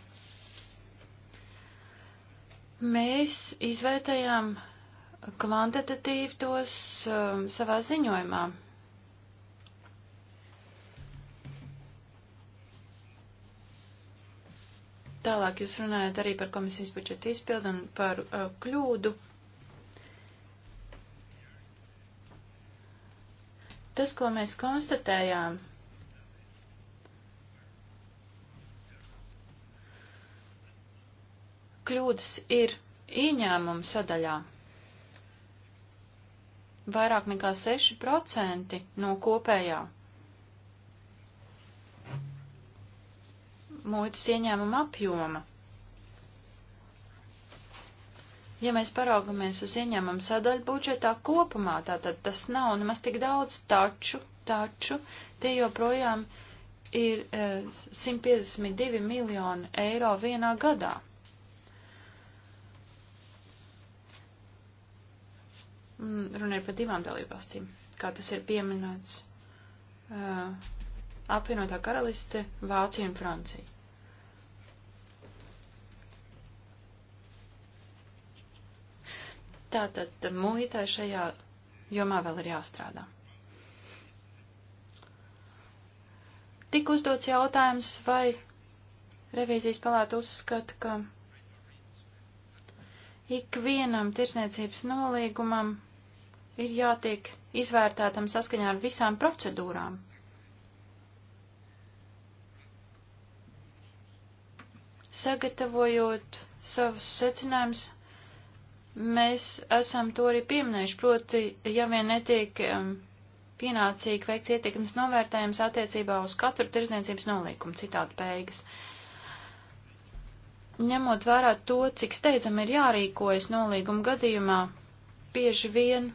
Mēs izvērtējām kvantitatīvi tos um, savā ziņojumā. Tālāk jūs runājat arī par komisijas budžeta izpildu un par uh, kļūdu. Tas, ko mēs konstatējām, kļūdas ir ieņēmuma sadaļā. Vairāk nekā 6% no kopējā muitas ieņēmuma apjoma. Ja mēs paraugamies uz ieņēmumu sadaļu budžetā kopumā, tātad tas nav nemaz tik daudz, taču, taču tie joprojām ir e, eh, 152 miljoni eiro vienā gadā. Mm, runa ir par divām dalībvalstīm, kā tas ir pieminēts. Uh, apvienotā karaliste, Vācija un Francija. Tātad muitai šajā jomā vēl ir jāstrādā. Tik uzdots jautājums, vai revīzijas palāta uzskata, ka ikvienam tirsniecības nolīgumam ir jātiek izvērtētam saskaņā ar visām procedūrām. Sagatavojot savus secinājumus, mēs esam to arī pieminējuši, proti, ja vien netiek um, pienācīgi veikts ietekmes novērtējums attiecībā uz katru tirzniecības nolīkumu, citādi beigas. Ņemot vērā to, cik steidzam ir jārīkojas nolīguma gadījumā, bieži vien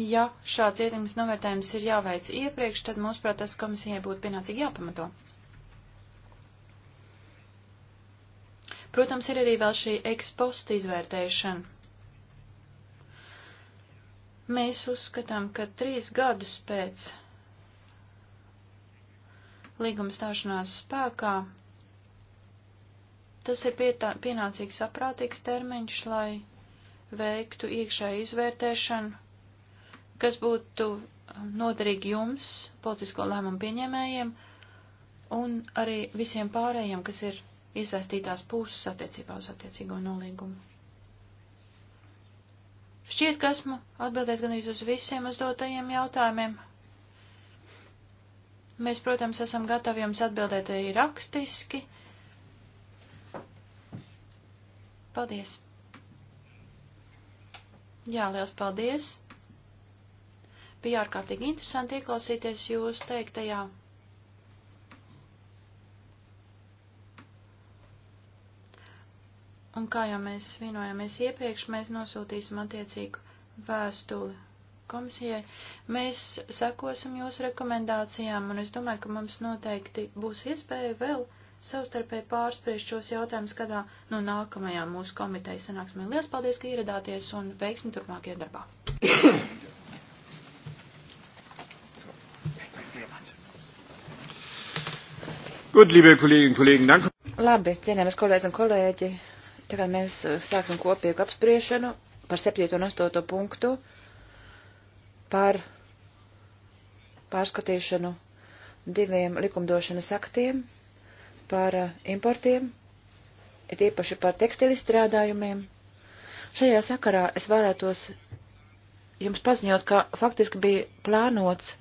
ja šāds ietekmes novērtējums ir jāveic iepriekš, tad, mūsuprāt, tas komisijai būtu pienācīgi jāpamato. Protams, ir arī vēl šī eksposta izvērtēšana. Mēs uzskatām, ka trīs gadus pēc līguma stāšanās spēkā tas ir pienācīgs saprātīgs termiņš, lai veiktu iekšēju izvērtēšanu kas būtu um, noderīgi jums, politisko lēmumu pieņēmējiem, un arī visiem pārējiem, kas ir iesaistītās puses attiecībā uz attiecīgo nolīgumu. Šķiet, ka esmu atbildējis gan arī uz visiem uzdotajiem jautājumiem. Mēs, protams, esam gatavi jums atbildēt arī rakstiski. Paldies! Jā, liels paldies! Bija ārkārtīgi interesanti ieklausīties jūs teiktajā. Un kā jau mēs vienojāmies iepriekš, mēs nosūtīsim attiecīgu vēstuli komisijai. Mēs sekosim jūsu rekomendācijām, un es domāju, ka mums noteikti būs iespēja vēl savstarpēji pārspriest šos jautājumus kādā no nākamajām mūsu komitejas sanāksmē. Lielas paldies, ka ieradāties, un veiksmi turpmākajā darbā! (coughs) Gut, liebe Kolleginnen und Kollegen, danke. Labi, cienījamies kolēģis un kolēģi. Tagad mēs uh, sāksim kopīgu apspriešanu par 7. un 8. punktu par pārskatīšanu diviem likumdošanas aktiem par uh, importiem, ir īpaši par tekstilizstrādājumiem. Šajā sakarā es varētos jums paziņot, ka faktiski bija plānots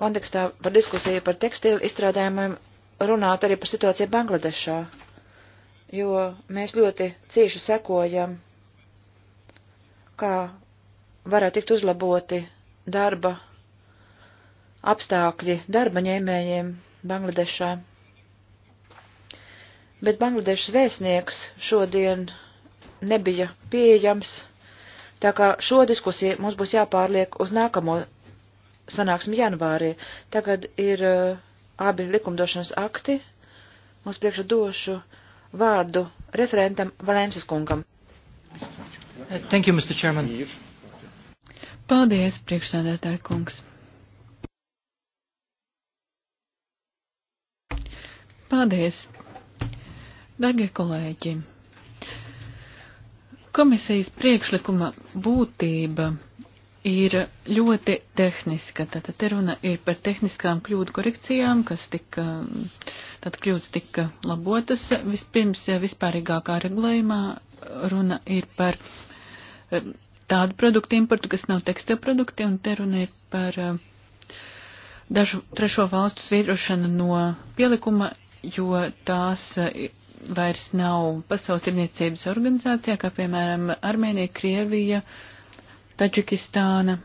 kontekstā par diskusiju par tekstilu izstrādājumiem runāt arī par situāciju Bangladešā, jo mēs ļoti cieši sekojam, kā varētu tikt uzlaboti darba apstākļi darba ņēmējiem Bangladešā. Bet Bangladešas vēstnieks šodien nebija pieejams, tā kā šo diskusiju mums būs jāpārliek uz nākamo sanāksmi janvārī. Tagad ir uh, abi likumdošanas akti. Mums priekšā došu vārdu referentam Valences kungam. Thank you, Mr. Chairman. Paldies, priekšsēdētāji kungs. Paldies, darbie kolēģi. Komisijas priekšlikuma būtība ir ļoti tehniska. Tātad te runa ir par tehniskām kļūdu korekcijām, kas tika, tad kļūdas tika labotas. Vispirms vispārīgākā regulējumā runa ir par eh, tādu produktu importu, kas nav tekstila produkti, un te runa ir par eh, dažu trešo valstu svītrošanu no pielikuma, jo tās eh, vairs nav pasaules tirniecības organizācijā, kā piemēram Armēnija, Krievija, uh, Taģikistāna,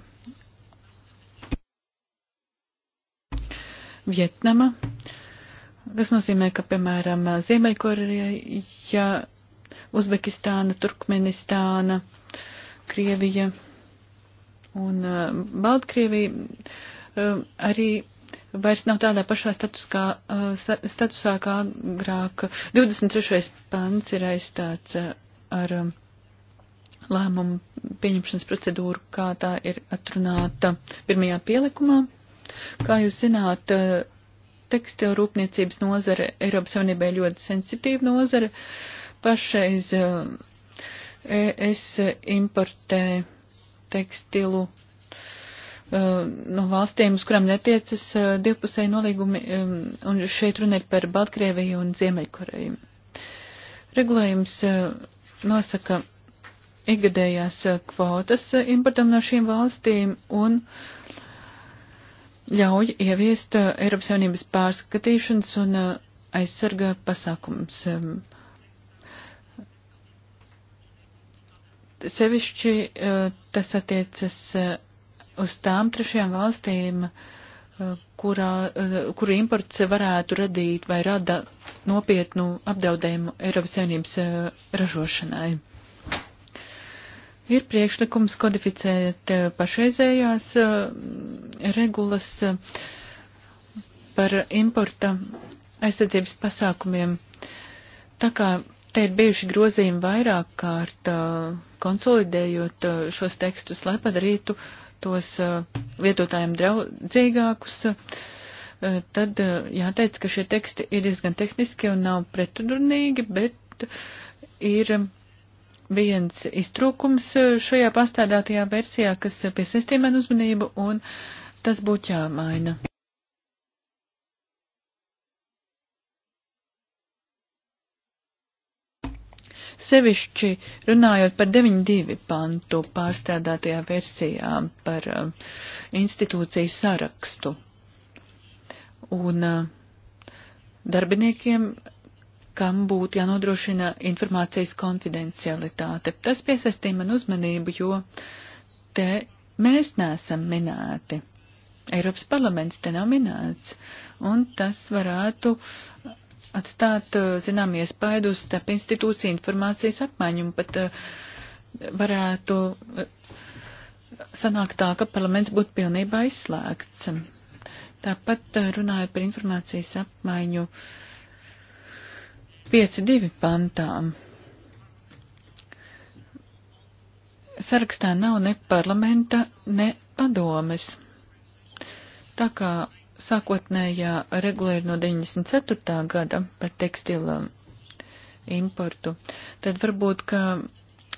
Vietnama. Tas nozīmē, ka, piemēram, Ziemeļkoreja, Uzbekistāna, Turkmenistāna, Krievija un uh, Baltkrievija uh, arī vairs nav tādā pašā statuskā, uh, statusā kā agrāk. 23. pants ir aizstāts uh, ar. Uh, lēmumu pieņemšanas procedūru, kā tā ir atrunāta pirmajā pielikumā. Kā jūs zināt, tekstilu rūpniecības nozare Eiropas Savienībā ir ļoti sensitīva nozare. Pašreiz eh, es importē tekstilu eh, no valstīm, uz kurām netiecas eh, divpusēji nolīgumi, un šeit runa ir par Baltkrieviju un Ziemeļkoreju. Regulējums nosaka ikgadējās eh, kvotas eh, importam no šīm valstīm un ļauj ieviest eh, Eiropas Savienības pārskatīšanas un aizsarga pasākums. Sevišķi tas attiecas uz tām trešajām valstīm, kurā, kuru imports varētu radīt vai rada nopietnu apdraudējumu Eiropas Savienības ražošanai. Ir priekšlikums kodificēt eh, pašreizējās eh, regulas eh, par importa aizsardzības pasākumiem. Tā kā te ir bijuši grozījumi vairāk kārt, konsolidējot šos tekstus, lai padarītu tos lietotājiem draudzīgākus, tad jāteic, ka šie teksti ir diezgan tehniski un nav pretrunīgi, bet ir viens iztrūkums eh, šajā pastādātajā versijā, kas eh, piesaistīja man uzmanību, un tas būtu jāmaina. Sevišķi runājot par 9.2 pantu pārstādātajā versijā par um, institūciju sarakstu un uh, darbiniekiem kam būtu jānodrošina informācijas konfidencialitāte. Tas piesaistīja man uzmanību, jo te mēs neesam minēti. Eiropas parlaments te nav minēts, un tas varētu atstāt, eh, zinām, iespaidu uz starp institūciju informācijas apmaiņu, un pat eh, varētu eh, sanākt tā, ka parlaments būtu pilnībā izslēgts. Tāpat runājot par informācijas apmaiņu, uh, 5.2 pantām. Sarakstā nav ne parlamenta, ne padomes. Tā kā sākotnējā regulēja no 94. gada par tekstilu importu, tad varbūt, ka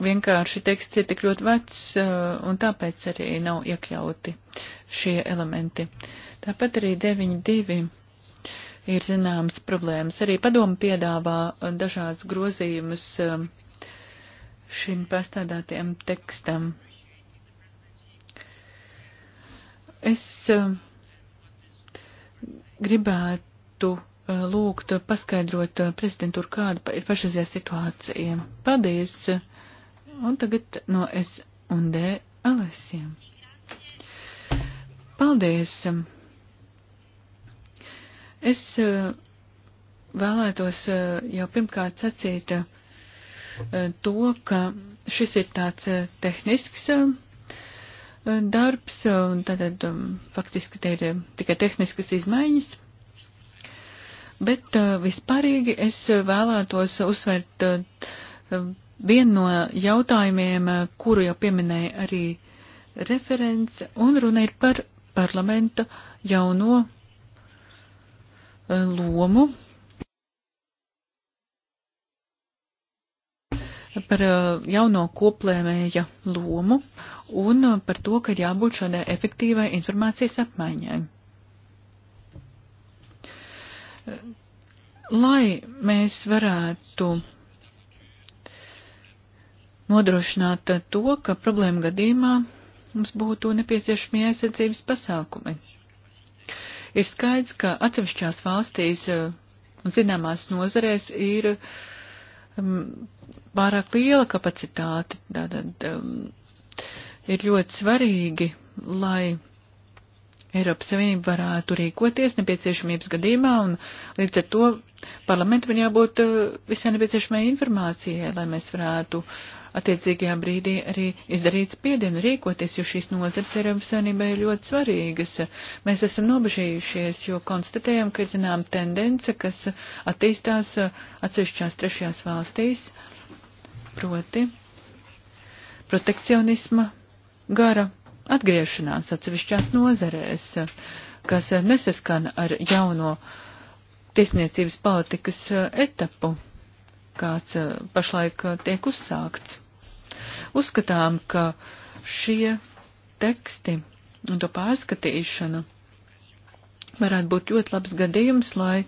vienkārši teksts ir tik ļoti vecs, eh, un tāpēc arī nav iekļauti šie elementi. Tāpat arī 9.2 ir zināmas problēmas. Arī padomu piedāvā dažādas grozījumus um, šim pastādātiem tekstam. Es um, gribētu uh, lūgt paskaidrot uh, prezidentūru, kāda ir pašreizajā situācija. Paldies! Un tagad no S un D Alesiem. Paldies! Es eh, vēlētos eh, jau pirmkārt sacīt eh, to, ka šis ir tāds tehnisks darbs, un tātad faktiski te ir tikai tehniskas izmaiņas. Bet vispārīgi es vēlētos uzsvērt vienu no jautājumiem, kuru jau pieminēja arī referents, un runa ir par parlamenta jauno lomu par uh, jauno koplēmēja lomu un par to, ka ir jābūt šādai efektīvai informācijas apmaiņai. Lai mēs varētu nodrošināt to, ka problēma gadījumā mums būtu nepieciešami aizsardzības pasākumi. Ir skaidrs, ka atsevišķās valstīs eh, un zināmās nozarēs ir mm, pārāk liela kapacitāte. Tātad um, ir ļoti svarīgi, lai Eiropas Savienība varētu rīkoties nepieciešamības gadījumā, un līdz ar to parlamentam ir jābūt eh, visai nepieciešamai informācijai, lai mēs varētu attiecīgajā brīdī arī izdarīt spiedienu rīkoties, jo šīs nozars Eiropas Savienībā ir ļoti svarīgas. Mēs esam nobežījušies, jo konstatējam, ka ir zinām tendence, kas attīstās atsevišķās trešajās valstīs, proti protekcionisma gara atgriešanās atsevišķās nozarēs, kas nesaskana ar jauno tiesniecības politikas eh, etapu, kāds eh, pašlaik eh, tiek uzsākts. Uzskatām, ka šie teksti un to pārskatīšana varētu būt ļoti labs gadījums, lai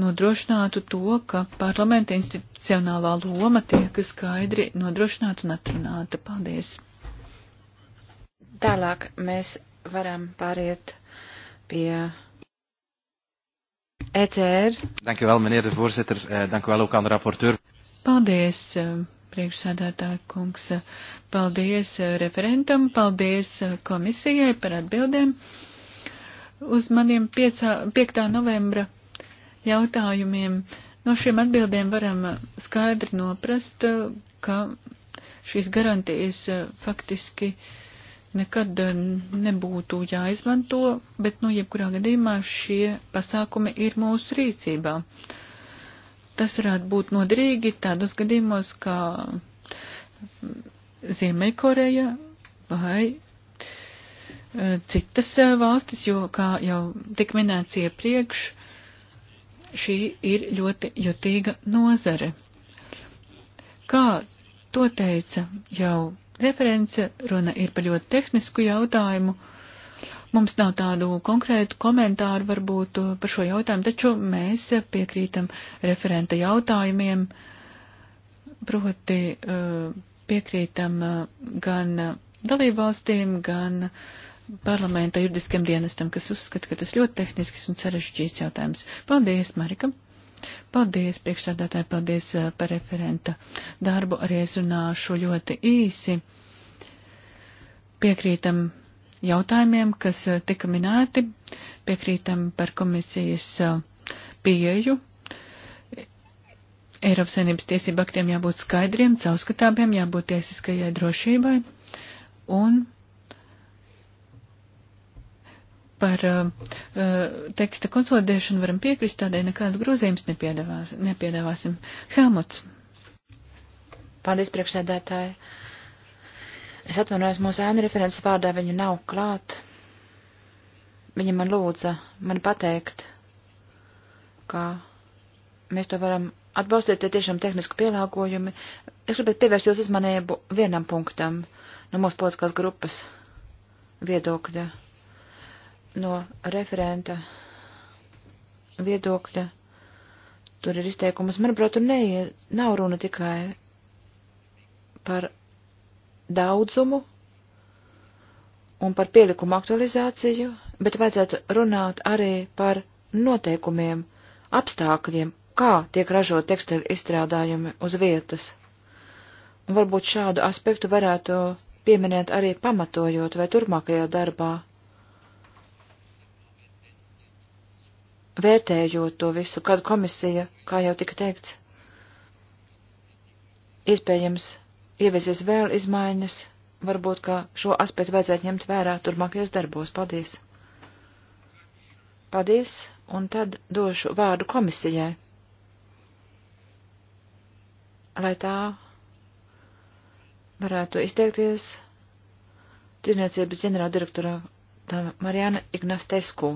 nodrošinātu to, ka parlamenta institucionālā loma tiek skaidri nodrošināta un atrunāta. Paldies! Tālāk mēs varam pāriet pie ECR. Dank u wel, meneer de voorzitter. Eh, dank u wel ook aan de rapporteur. Paldies, eh, priekšsādātāja kungs. Paldies eh, referentam, paldies komisijai par atbildēm. Uz maniem 5. novembra jautājumiem no šiem atbildēm varam skaidri noprast, ka šīs garantijas faktiski uh, nekad eh, nebūtu jāizmanto, bet, nu, jebkurā gadījumā šie pasākumi ir mūsu rīcībā. Tas varētu būt noderīgi tādos gadījumos, kā Ziemeļkoreja vai eh, citas eh, valstis, jo, kā jau tik minēts iepriekš, šī ir ļoti jutīga nozare. Kā to teica jau referents, runa ir par ļoti tehnisku jautājumu. Mums nav tādu konkrētu komentāru varbūt par šo jautājumu, taču mēs piekrītam referenta jautājumiem, proti eh, piekrītam eh, gan dalībvalstīm, gan parlamenta juridiskiem dienestam, kas uzskata, ka tas ļoti tehnisks un sarežģīts jautājums. Paldies, Marika! Paldies, priekšsādātāji, paldies eh, par referenta darbu. Arī es runāšu ļoti īsi. Piekrītam jautājumiem, kas eh, tika minēti, piekrītam par komisijas eh, pieeju. Eiropas Savienības tiesību aktiem jābūt skaidriem, caurskatāmiem, jābūt tiesiskajai drošībai. Un par uh, teksta konsolidēšanu varam piekrist, tādēļ nekāds grozījums nepiedāvāsim. Helmuts. Paldies, priekšsēdētāji. Es atvainojos mūsu ēnu referents vārdā, viņu nav klāt. Viņa man lūdza man pateikt, ka mēs to varam atbalstīt, tie tiešām tehniski pielāgojumi. Es gribētu pievērst jūs uzmanību vienam punktam no mūsu politiskās grupas viedokļa no referenta viedokļa. Tur ir izteikumas. Manuprāt, tur neie, nav runa tikai par daudzumu un par pielikumu aktualizāciju, bet vajadzētu runāt arī par noteikumiem, apstākļiem, kā tiek ražot tekstilu izstrādājumi uz vietas. Un varbūt šādu aspektu varētu pieminēt arī pamatojot vai turpmākajā darbā vērtējot to visu, kad komisija, kā jau tika teikts, iespējams ieviesies vēl izmaiņas, varbūt, ka šo aspektu vajadzētu ņemt vērā turpmākajos darbos. Paldies! Paldies, un tad došu vārdu komisijai, lai tā varētu izteikties Tirzniecības ģenerāldirektora Marijana Ignastesku.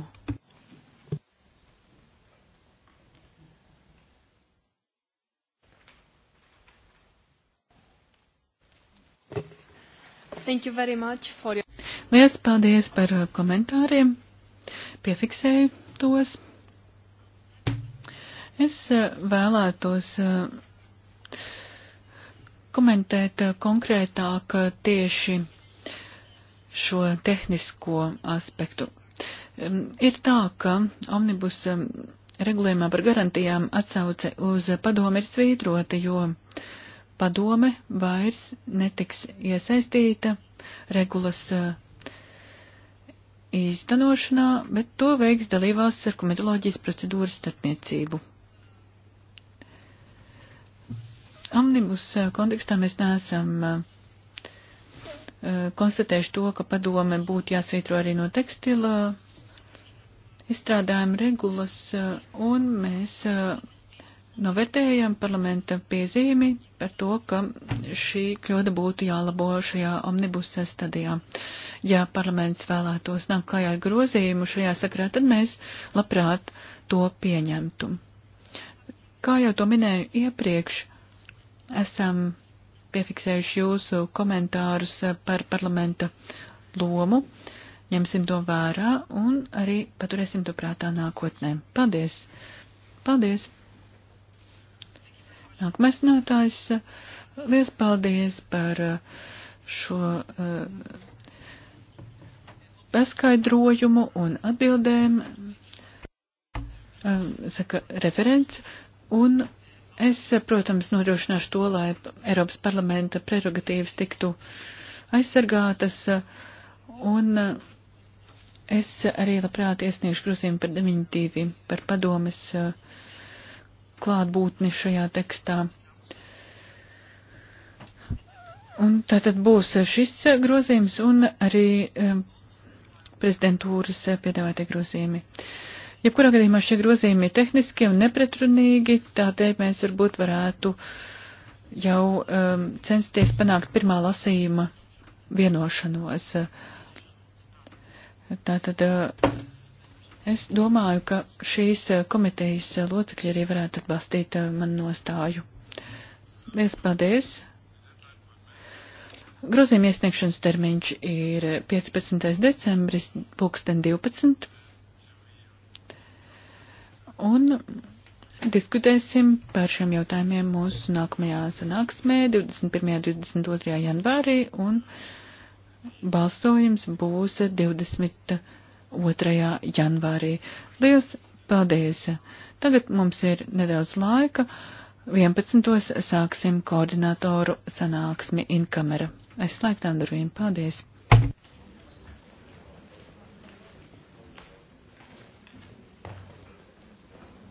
Thank you very much for your. Lielas paldies par uh, komentāriem. Piefiksēju tos. Es uh, vēlētos uh, komentēt konkrētāk tieši šo tehnisko aspektu. Um, ir tā, ka omnibus um, regulējumā par garantijām atsauce uz padomu ir svītrota, jo padome vairs netiks iesaistīta regulas uh, īstenošanā, bet to veiks dalībvalsts ar komitoloģijas procedūras starpniecību. Omnibus uh, kontekstā mēs neesam uh, konstatējuši to, ka padome būtu jāsvītro arī no tekstila izstrādājuma regulas, un mēs novērtējam parlamenta piezīmi par to, ka šī kļoda būtu jālabo šajā omnibusa stadijā. Ja parlaments vēlētos nākt klajā ar grozījumu šajā sakrā, tad mēs labprāt to pieņemtu. Kā jau to minēju iepriekš, esam piefiksējuši jūsu komentārus par parlamenta lomu. Ņemsim to vērā un arī paturēsim to prātā nākotnē. Paldies! Paldies! Nākamais runātājs, eh, liels paldies par eh, šo eh, paskaidrojumu un atbildēm, saka referents, un es, protams, nodrošināšu to, lai Eiropas parlamenta prerogatīvas tiktu aizsargātas, un es arī labprāt iesniegšu grozījumu par 92 par padomes uh, klātbūtni šajā tekstā. Un tātad būs šis grozījums un arī um, prezidentūras piedāvātie grozījumi. Jebkurā gadījumā šie grozījumi ir tehniski un nepretrunīgi, tādēļ mēs varbūt varētu jau um, censties panākt pirmā lasījuma vienošanos. Tātad uh, Es domāju, ka šīs eh, komitejas eh, locekļi arī varētu atbalstīt eh, man nostāju. Es paldies. Grozījuma iesniegšanas termiņš ir 15. decembris, pulksten 12. Un diskutēsim par šiem jautājumiem mūsu nākamajā sanāksmē 21. un 22. janvārī, un balsojums būs 20. 2. janvārī. Lielas paldies! Tagad mums ir nedaudz laika. 11. sāksim koordinatoru sanāksmi in kamera. Aizslēgt Andruvīm. Paldies!